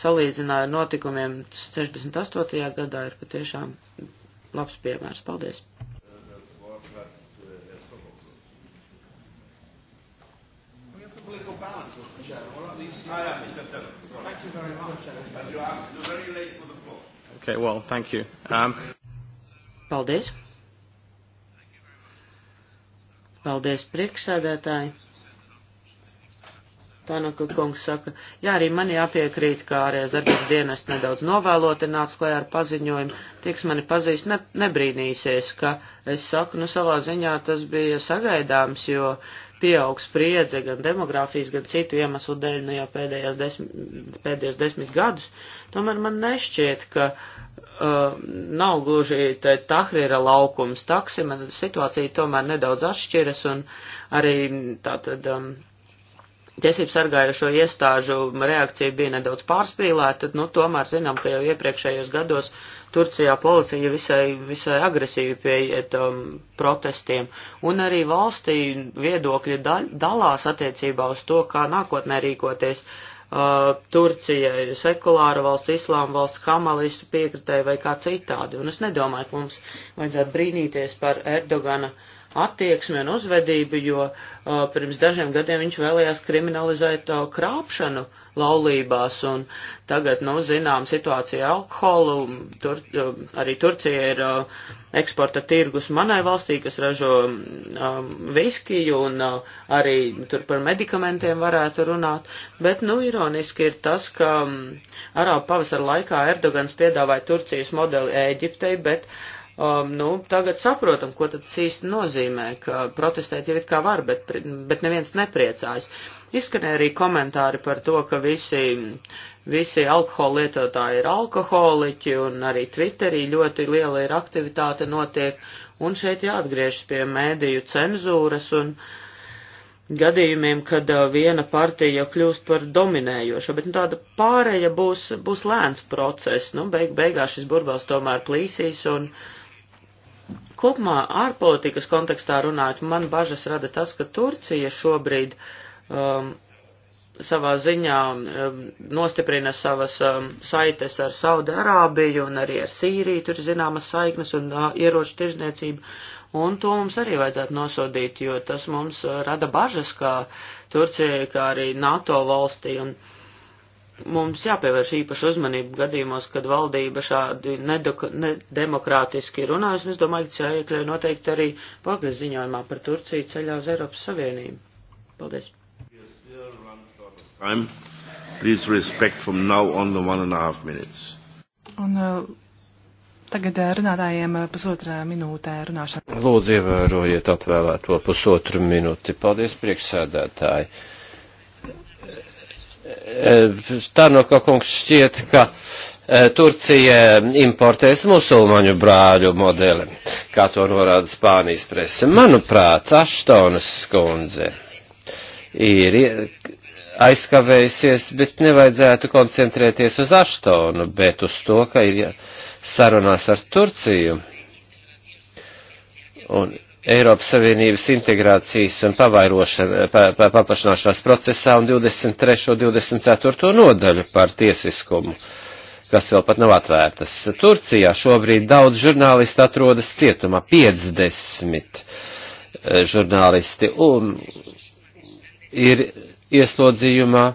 salīdzināja ar notikumiem 68. gadā, ir patiešām labs piemērs. Paldies! political balance was the chair, or at least. I am, Mr. Thank you very much. And you are very late for the floor. Okay, well, thank you. Um, Paldies! Paldies, priekšsēdētāji! Tanaka kungs saka, jā, arī man jāpiekrīt, ka ārējās darbības dienas nedaudz novēloti nāc klajā ar paziņojumu. Tiks mani pazīst, ne, nebrīnīsies, ka es saku, nu savā ziņā tas bija sagaidāms, jo pieaug spriedze gan demogrāfijas, gan citu iemeslu dēļ, nu jau pēdējās desmit, pēdējos desmit gadus. Tomēr man nešķiet, ka uh, nav gluži Tahrira laukums taksi, man situācija tomēr nedaudz atšķiras un arī tātad. Um, tiesību sargājušo iestāžu reakcija bija nedaudz pārspīlēta, nu, tomēr zinām, ka jau iepriekšējos gados Turcijā policija visai, visai agresīvi pieiet um, protestiem, un arī valstī viedokļi daļ, dalās attiecībā uz to, kā nākotnē rīkoties. Uh, Turcija, sekulāra valsts, islāma valsts, kamalistu piekritēji vai kā citādi. Un es nedomāju, ka mums vajadzētu brīnīties par Erdogana uh, attieksmi un uzvedību, jo uh, pirms dažiem gadiem viņš vēlējās kriminalizēt uh, krāpšanu laulībās, un tagad, nu, zinām, situācija alkoholu, tur, uh, arī Turcija ir uh, eksporta tirgus manai valstī, kas ražo um, viskiju, un uh, arī tur par medikamentiem varētu runāt, bet, nu, ironiski ir tas, ka um, Arābu pavasara laikā Erdogans piedāvāja Turcijas modeli Ēģiptei, bet uh, um, nu, tagad saprotam, ko tas īsti nozīmē, ka protestēt jau it kā var, bet, bet neviens nepriecājas. Izskanēja arī komentāri par to, ka visi, visi alkohola lietotāji ir alkoholiķi un arī Twitterī ļoti liela ir aktivitāte notiek, un šeit jāatgriežas pie mēdīju cenzūras un gadījumiem, kad uh, viena partija jau kļūst par dominējošo, bet nu, tāda pārēja būs, būs lēns process, nu, beig, beigās šis burbulis tomēr plīsīs un uh, Kopumā ārpolitikas kontekstā runājot, man bažas rada tas, ka Turcija šobrīd um, savā ziņā um, nostiprina savas um, saites ar Saudārābiju un arī ar Sīriju, tur zināmas saiknes un uh, ieroču tirzniecību. Un to mums arī vajadzētu nosodīt, jo tas mums uh, rada bažas, kā Turcijai, kā arī NATO valstī. Un, uh, mums jāpievērš īpaši uzmanību gadījumos, kad valdība šādi nedemokrātiski runājas, un es domāju, ka jāiekļauj noteikti arī pagnes ziņojumā par Turciju ceļā uz Eiropas Savienību. Paldies. Please respect from now on the one and a half minutes. Un uh, tagad uh, runātājiem uh, pusotrā minūtē runāšana. Lūdzu, ievērojiet atvēlēto pusotru minūti. Paldies, priekšsēdētāji. Uh, Eh, Tanoka kungs šķiet, ka eh, Turcija importēs musulmaņu brāļu modeli, kā to norāda Spānijas presa. Manuprāt, Aštonas skundze ir aizkavējusies, bet nevajadzētu koncentrēties uz Aštonu, bet uz to, ka ir sarunās ar Turciju. Un Eiropas Savienības integrācijas un pa, pa, paplašināšanās procesā un 23. un 24. nodaļu par tiesiskumu, kas vēl pat nav atvērtas. Turcijā šobrīd daudz žurnālisti atrodas cietumā, 50 eh, žurnālisti, un ir ieslodzījumā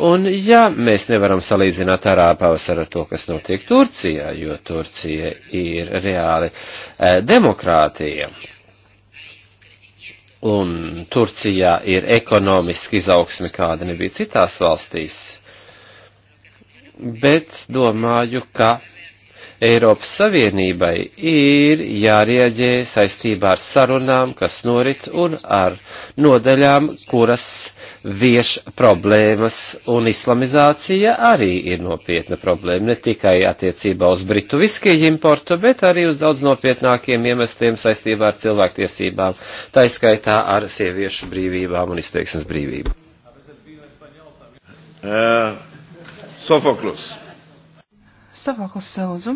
Un ja mēs nevaram salīdzināt arā pavasara to, kas notiek Turcijā, jo Turcija ir reāli e, demokrātija, un Turcijā ir ekonomiski izaugsme, kāda nebija citās valstīs, bet domāju, ka Eiropas Savienībai ir jārieģē saistībā ar sarunām, kas norit, un ar nodaļām, kuras vieš problēmas, un islamizācija arī ir nopietna problēma, ne tikai attiecībā uz britu viskiju importu, bet arī uz daudz nopietnākiem iemestiem saistībā ar cilvēktiesībām, taiskaitā ar sieviešu brīvībām un izteiksmes brīvību. Uh, eh, Sofoklus. Stāvoklis lūdzu.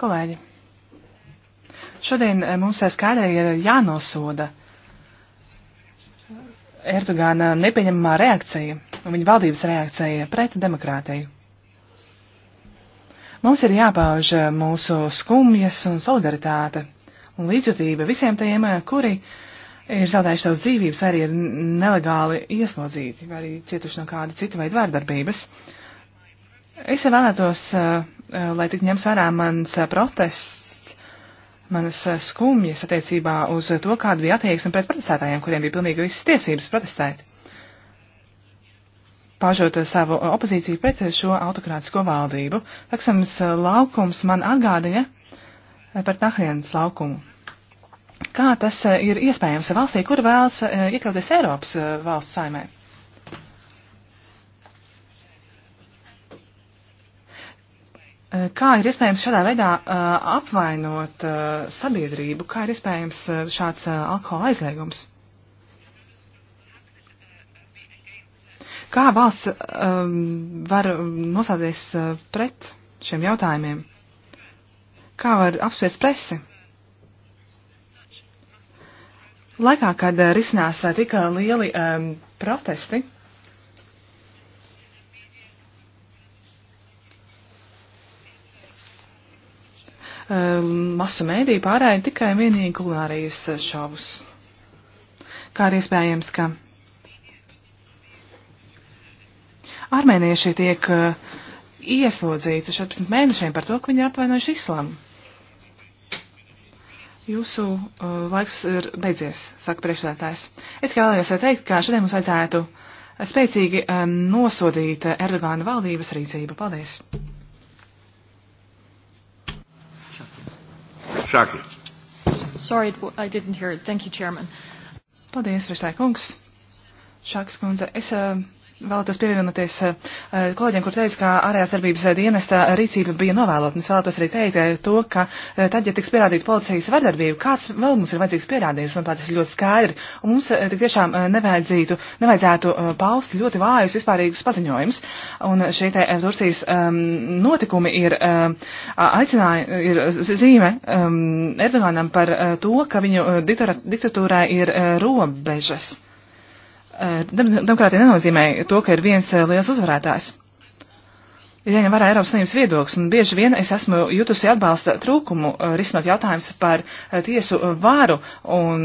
Kolēģi, šodien eh, mums skaidri ir jānosoda Erdogāna nepieņemamā reakcija un viņa valdības reakcija pret demokrātiju. Mums ir jāpauž eh, mūsu skumjas un solidaritāte un līdzjūtība visiem tiem, eh, kuri uh, ir zaudējuši savas dzīvības, arī ir nelegāli ieslodzīti vai arī cietuši no kāda cita veida vārdarbības. Es vēlētos, eh, eh, lai tik ņems vērā mans eh, protests, manas skumjas attiecībā uz to, kāda bija attieksme pret protestētājiem, kuriem bija pilnīgi visas tiesības protestēt. Pāžot savu opozīciju pret šo autokrātisko valdību, Taksams laukums man atgādina par Nahienas laukumu Kā tas eh, ir iespējams valstī, kur vēlas eh, iekļauties Eiropas eh, valstu saimē? Kā ir iespējams šādā veidā apvainot sabiedrību? Kā ir iespējams šāds alkohola aizliegums? Kā valsts um, var nosāties pret šiem jautājumiem? Kā var apspriest presi? Laikā, kad eh, risinās eh, tik lieli um, protesti, um, masu mēdī pārēja tikai vienīgi kulinārijas eh, šovus. Kā arī iespējams, ka armēnieši tiek uh, ieslodzīti 14 mēnešiem par to, ka viņi ir apvainojuši islāmu. Jūsu uh, laiks ir beidzies, saka priekšsēdētājs. Es vēlējos teikt, ka šodien mums vajadzētu spēcīgi uh, nosodīt Erdogāna valdības rīcību. Paldies! Šāki. Sorry, I didn't hear it. Thank you, Chairman. Paldies, Virstāj kungs. Šāks kundze, es uh, Vēlētos pievienoties eh, eh, kolēģiem, kur teica, ka ārējās darbības eh, dienesta rīcība bija novēlotnes. Vēlētos arī teikt to, ka tad, ja tiks pierādīta policijas vardarbība, kāds vēl mums ir vajadzīgs pierādījums, manuprāt, tas ir ļoti skaidri. Un mums tik tiešām nevajadzītu, nevajadzētu paust ļoti vājus vispārīgus paziņojumus. Un šie te Turcijas um, notikumi ir, um, aicināja, ir zīme um, Erdoganam par uh, to, ka viņu diktatūrai ir uh, robežas. Eh, demokrātija nenozīmē to, ka ir viens eh, liels uzvarētājs. Ir jāņem vērā Eiropas Savienības viedoklis, un bieži vien es esmu jutusi atbalsta trūkumu, eh, risinot jautājumus par tiesu vāru un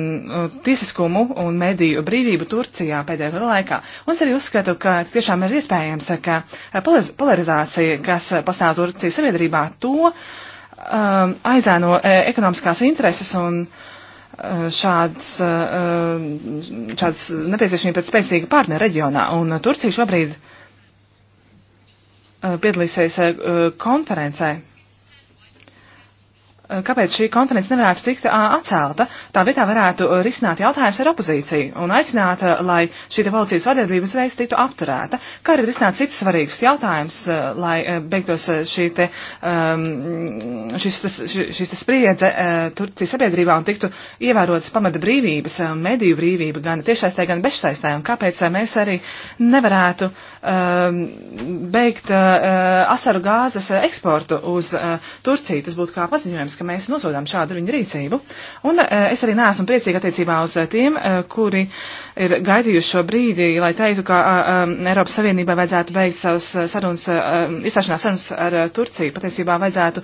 tiesiskumu un mediju brīvību Turcijā pēdējo gadu laikā. Un es arī uzskatu, ka tiešām ir iespējams, ka polarizācija, kas pastāv Turcijas sabiedrībā, to um, aizēno ekonomiskās intereses un uh, Eh, šāds, eh, šāds nepieciešamība pēc spēcīga partnera reģionā. Un Turcija šobrīd eh, piedalīsies konferencē Eh, kāpēc šī konferences nevarētu tikt eh, atcelta. Tā vietā varētu eh, risināt jautājumus ar opozīciju un aicināt, lai šī policijas vadarbība uzreiz tiktu apturēta, kā arī risināt citus svarīgus jautājumus, lai beigtos šī te, ehm, šis, šis, šis spriedze Turcijas sabiedrībā un tiktu ievērotas pamata brīvības, mediju brīvība gan tiešsaistē, gan bezsaistē, un kāpēc mēs arī nevarētu ehm, beigt asaru gāzes eksportu uz Turciju. Tas būtu kā paziņojums Protams, ka mēs nosodām šādu viņu rīcību. Un eh, es arī neesmu priecīga attiecībā uz eh, tiem, eh, kuri ir gaidījuši šo brīdi, lai teiktu, ka Eiropas Savienībai vajadzētu beigt savas sarunas, izstāšanās sarunas ar Turciju. Patiesībā vajadzētu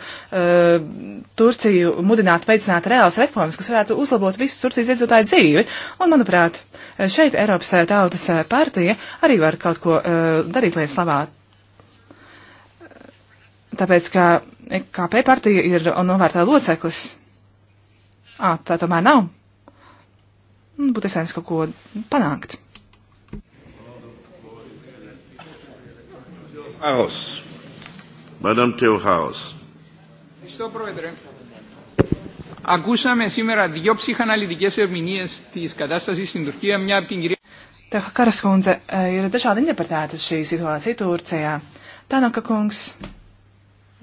Turciju mudināt veicināt reālas reformas, kas varētu uzlabot visu Turcijas iedzīvotāju dzīvi. Un, manuprāt, šeit Eiropas tautas partija arī var kaut ko darīt lietas labāk tāpēc, ka KP partija ir novērtā loceklis. Ā, tā tomēr nav. Nu, būtu esens kaut ko panākt. Haus. Madame Teo Haus. Ευχαριστώ, Πρόεδρε. Ακούσαμε σήμερα δύο ψυχαναλυτικές ερμηνείες της κατάστασης στην Τουρκία, μια από την κυρία... Tā kā Karaskundze eh, ir dažādi interpretēta šī situācija Turcijā. Tanaka kungs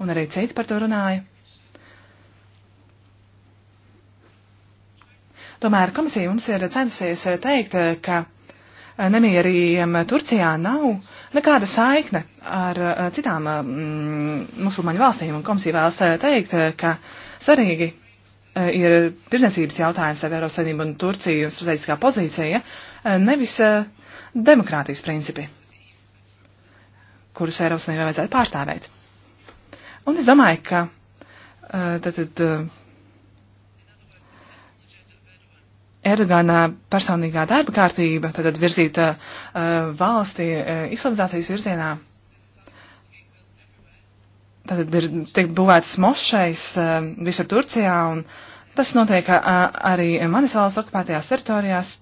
un arī citi par to runāja. Tomēr komisija mums ir centusies teikt, ka nemieriem Turcijā nav nekāda saikne ar citām mm, musulmaņu valstīm, un komisija vēlas teikt, ka svarīgi ir tirdzniecības jautājums ar Eiropas Savienību un Turciju un strateģiskā pozīcija, nevis demokrātijas principi, kurus Eiropas Savienībai vajadzētu pārstāvēt. Un es domāju, ka tātad Erdogana personīgā darba kārtība, tātad virzīta valsti islamizācijas virzienā, tātad ir tiek būvēts mošais visur Turcijā un tas notiek arī manis valsts okupētajās teritorijās.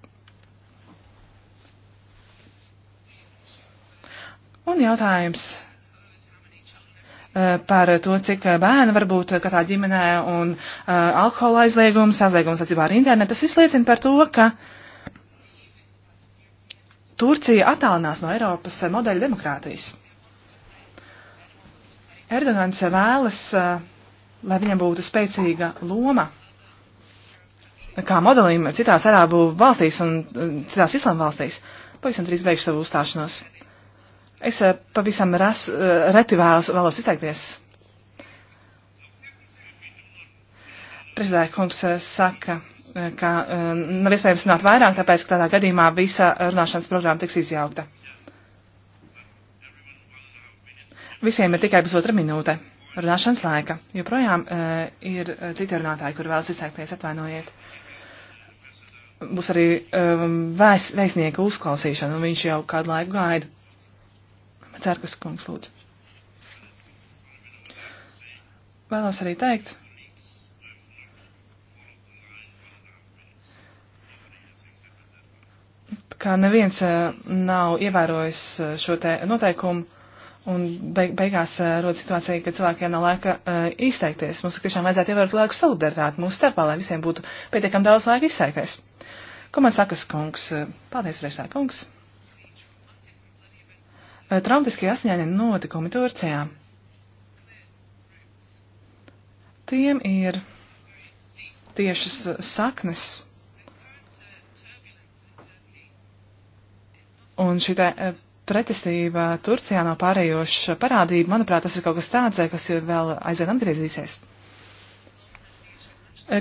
Un jautājums Eh, par to, cik eh, bērni var būt eh, katrā ģimenē un uh, alkohola aizliegums, aizliegums attiecībā ar internetu. Tas viss liecina par to, ka Turcija attālinās no Eiropas modeļa demokrātijas. Erdogans vēlas, uh, lai viņam būtu spēcīga loma kā modelim citās arābu valstīs un citās islāma valstīs. Pavisam drīz beigšu savu uzstāšanos. Es eh, pavisam ras, eh, reti vēlos, vēlos izteikties. Prezidēja kungs eh, saka, ka nav iespējams runāt vairāk, tāpēc, ka tādā gadījumā visa runāšanas programma tiks izjaukta. Visiem ir tikai pusotra minūte runāšanas laika. Joprojām ir citi runātāji, kur vēlas izteikties, atvainojiet būs arī um, vēs, vēstnieka uzklausīšana, un viņš jau kādu laiku gaida. Cērkas kungs lūdzu. Vēlos arī teikt, kā neviens eh, nav ievērojis eh, šo te noteikumu, un beig beigās eh, rodas situācija, ka cilvēkiem nav laika izteikties. Mums tiešām vajadzētu ievērot laiku solidaritāti mūsu starpā, lai visiem būtu pietiekam daudz laika izteikties. Ko man sakas kungs? Paldies, priekšstādā kungs! traumatiskie asiņaini notikumi Turcijā. Tiem ir tiešas saknes. Un šī pretestība Turcijā nav pārējoša parādība. Manuprāt, tas ir kaut kas tāds, kas vēl aizvien atgriezīsies.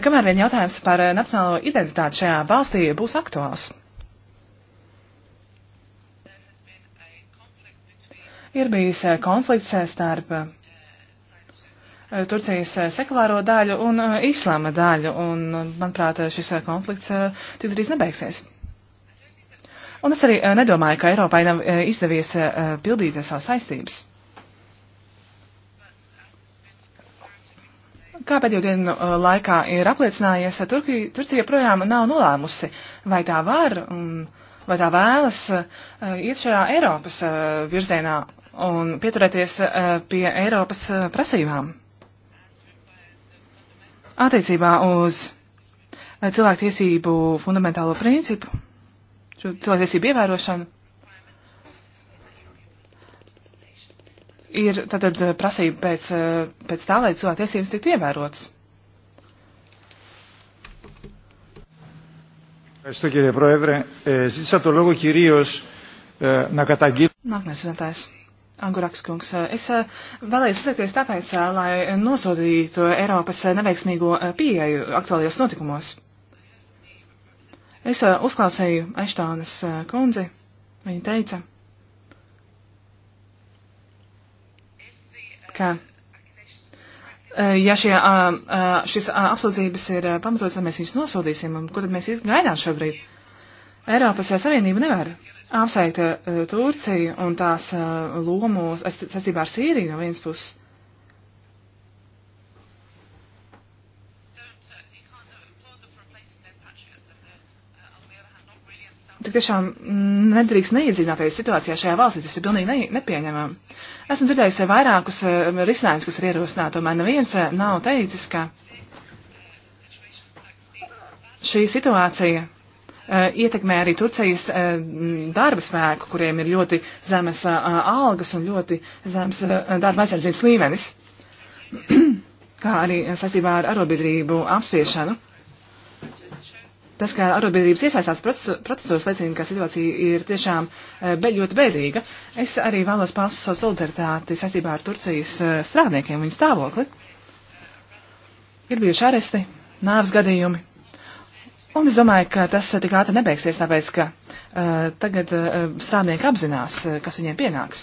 Kamēr vien jautājums par nacionālo identitāti šajā valstī būs aktuāls, ir bijis eh, konflikts eh, starp eh, Turcijas sekulāro daļu un islāma daļu, un, manuprāt, šis konflikts tik drīz nebeigsies. Un es arī nedomāju, ka Eiropai nav izdevies pildīt savas saistības. Kā pēdējo dienu laikā ir apliecinājies, Turki, Turcija projām nav nolēmusi, vai tā var, mm, vai tā vēlas iet šajā Eiropas virzienā un pieturēties eh, pie Eiropas eh, prasībām. Attiecībā uz eh, cilvēktiesību fundamentālo principu, šo cilvēktiesību ievērošanu, ir tātad prasība pēc, pēc tā, lai cilvēktiesības tiktu ievērotas. Ευχαριστώ κύριε Πρόεδρε. Ε, ζήτησα το λόγο κυρίως ε, να καταγγείλω... Να, ναι, συναντάς. Anguraks kungs, eh, es eh, vēlējos uzsēties tāpēc, eh, lai nosodītu Eiropas neveiksmīgo pieeju aktuālajos notikumos. Es uzklausīju Eštānas kundzi. Viņa teica, ka ja šie, šis apsūdzības ir pamatotas, tad mēs viņus nosodīsim. Un ko tad mēs gaidām šobrīd? Eiropas Savienība nevar apsveikt uh, Turciju un tās uh, lomu saistībā ar Sīriju no vienas puses. Tik tiešām nedrīkst neiedzināties situācijā šajā valstī, tas ir pilnīgi ne, nepieņemami. Esmu dzirdējis vairākus uh, risinājumus, kas ir ierosināti, tomēr neviens nav teicis, ka šī situācija Eh, ietekmē arī Turcijas eh, darba spēku, kuriem ir ļoti zemes eh, algas un ļoti zemes darba aizsardzības līmenis, kā arī saistībā ar arotbiedrību apspiešanu. Tas, kā arotbiedrības iesaistās procesos, liecina, ka situācija ir tiešām be, ļoti bēdīga. Es arī vēlos paust savu solidaritāti saistībā ar Turcijas strādniekiem, viņu stāvokli. Ir bijuši aresti, nāves gadījumi, Un es domāju, ka tas eh, tik ātri nebeigsies, tāpēc, ka uh, tagad uh, strādnieki apzinās, uh, kas viņiem pienāks.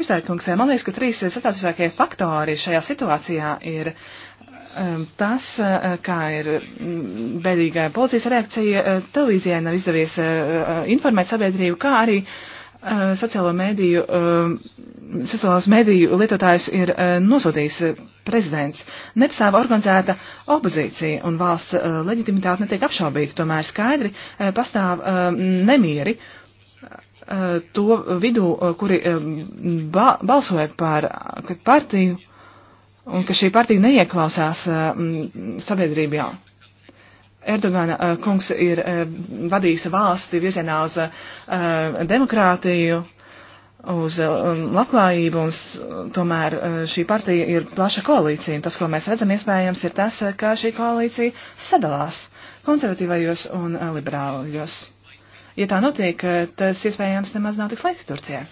Pistēkungs, man liekas, ka trīs satraucošākie faktori šajā situācijā ir um, tas, uh, kā ir mm, bēdīgā policijas reakcija, uh, televīzijai nav izdevies uh, informēt sabiedrību, kā arī uh, Eh, sociālo mediju, eh, sociālos mediju lietotājus ir eh, nosodījis prezidents. Nepastāv organizēta opozīcija un valsts leģitimitāte netiek apšaubīta, tomēr skaidri pastāv nemieri to vidū, kuri ba balsoja par partiju un ka šī partija neieklausās sabiedrībā. Erdogana eh, kungs ir eh, vadījis valsti virzienā uz eh, demokrātiju, uz um, labklājību, un tomēr šī partija ir plaša koalīcija. Un tas, ko mēs redzam, iespējams, ir tas, ka šī koalīcija sadalās konservatīvajos un liberāļos. Ja tā notiek, tas iespējams nemaz nav tik slikti Turcijai.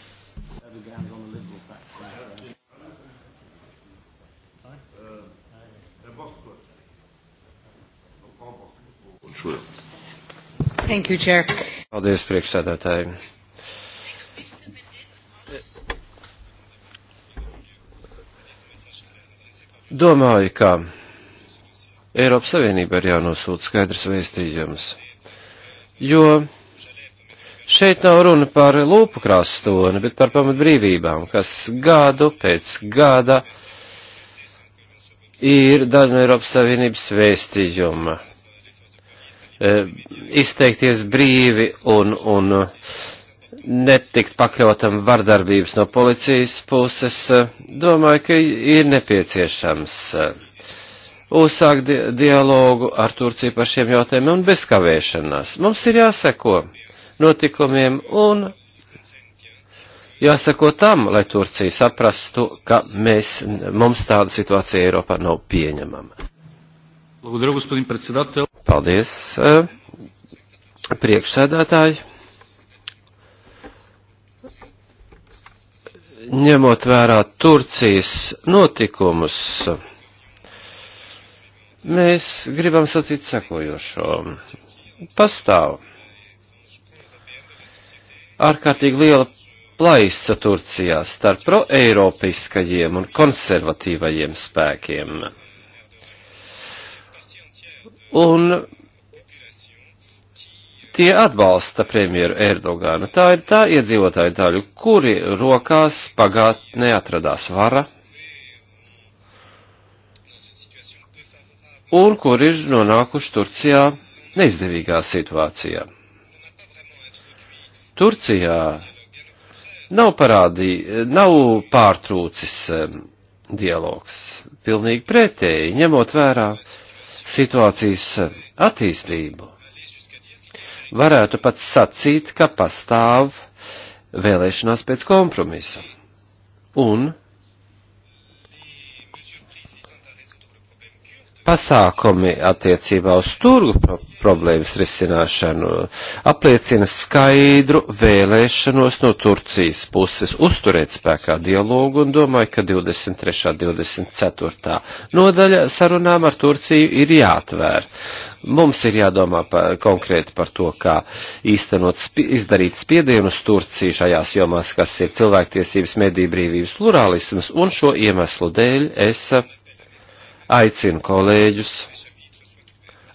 Entschuldigung. Thank you, Chair. Paldies, priekšsēdētāji. Domāju, ka Eiropas Savienība ir jānosūta skaidrs vēstījums, jo šeit nav runa par lūpu krāstoni, bet par pamatbrīvībām, kas gadu pēc gada ir daļa no Eiropas Savienības vēstījuma Eh, izteikties brīvi un, un eh, netikt pakļautam vardarbības no policijas puses, eh, domāju, ka ir nepieciešams uzsākt di dialogu ar Turciju par šiem jautājumiem un bez kavēšanās. Mums ir jāseko notikumiem un jāsako tam, lai Turcija saprastu, ka mēs, mums tāda situācija Eiropā nav pieņemama. Благодаря, господин председател. Paldies, eh, priekšsēdētāji. Ņemot vērā Turcijas notikumus, mēs gribam sacīt sekojošo. Pastāv ārkārtīgi liela plaisa Turcijā starp proeiropiskajiem un konservatīvajiem spēkiem un tie atbalsta premjeru Erdoganu. Tā ir tā iedzīvotāja daļa, kuri rokās pagātnē atradās vara un kuri ir nonākuši Turcijā neizdevīgā situācijā. Turcijā nav parādī, nav pārtrūcis eh, dialogs. Pilnīgi pretēji, ņemot vērā situācijas eh, attīstību, varētu pat sacīt, ka pastāv vēlēšanās pēc kompromisa. Un pasākumi attiecībā uz turgu pro problēmas risināšanu apliecina skaidru vēlēšanos no Turcijas puses uzturēt spēkā dialogu un domāju, ka 23. 24. nodaļa sarunām ar Turciju ir jāatvēr. Mums ir jādomā par, konkrēti par to, kā īstenot, spi, izdarīt spiedienu uz Turciju šajās jomās, kas ir cilvēktiesības, mediju brīvības, plurālisms, un šo iemeslu dēļ es aicinu kolēģus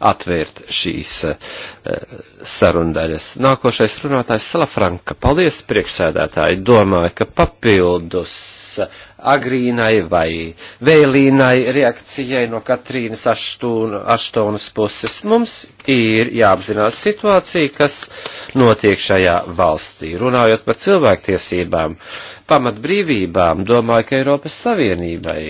atvērt šīs eh, sarundaļas. Nākošais runātājs Salafranka. Paldies, priekšsēdētāji. Domāju, ka papildus agrīnai vai vēlīnai reakcijai no Katrīnas Aštonas puses mums ir jāapzinās situācija, kas notiek šajā valstī. Runājot par cilvēktiesībām, pamatbrīvībām, domāju, ka Eiropas Savienībai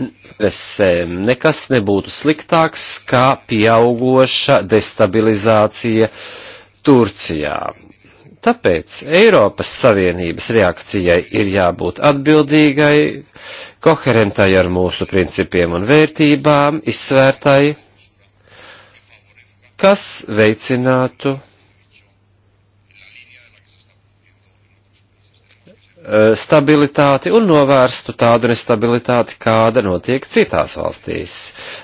interesēm e, nekas nebūtu sliktāks kā pieaugoša destabilizācija Turcijā. Tāpēc Eiropas Savienības reakcijai ir jābūt atbildīgai, koherentai ar mūsu principiem un vērtībām, izsvērtai, kas veicinātu Eh, stabilitāti un novērstu tādu nestabilitāti, kāda notiek citās valstīs.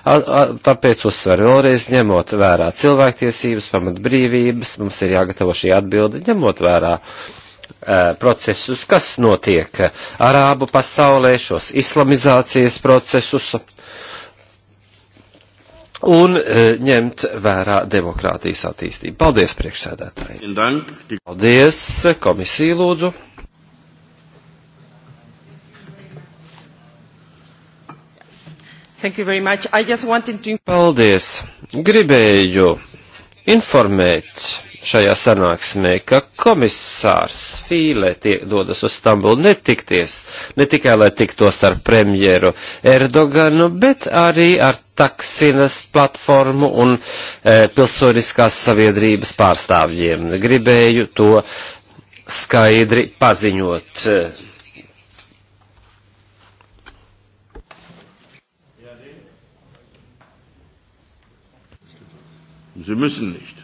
A, a, tāpēc uzsver vēlreiz, ņemot vērā cilvēktiesības, pamatbrīvības, mums ir jāgatavo šī atbilde, ņemot vērā a, eh, procesus, kas notiek Arābu pasaulē, šos islamizācijas procesus, un eh, ņemt vērā demokrātijas attīstību. Paldies, priekšsēdētāji! Paldies, komisija lūdzu! Thank you very much. I just wanted to... Paldies. Gribēju informēt šajā sanāksmē, ka komisārs Fīle tie, dodas uz Stambulu netikties, ne tikai lai tiktos ar premjeru Erdoganu, bet arī ar taksinas platformu un e, pilsoniskās saviedrības pārstāvjiem. Gribēju to skaidri paziņot. E, Sie müssen nicht.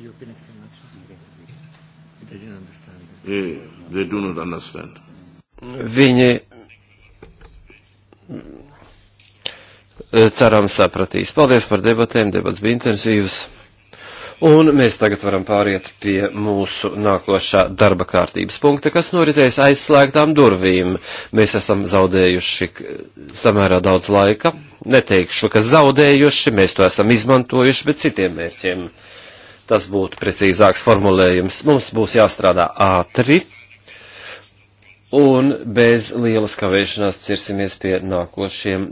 European external actions they didn't understand. Yeah, they do not understand. Viņi eh, ceram sapratīs. Paldies par debatēm, debats bija intensīvas. Un mēs tagad varam pāriet pie mūsu nākošā darba kārtības punkta, kas noritēs aizslēgtām durvīm. Mēs esam zaudējuši eh, samērā daudz laika. Neteikšu, ka zaudējuši, mēs to esam izmantojuši, bet citiem mērķiem. Tas būtu precīzāks formulējums. Mums būs jāstrādā ātri un bez lielas kavēšanās cirsimies pie nākošiem.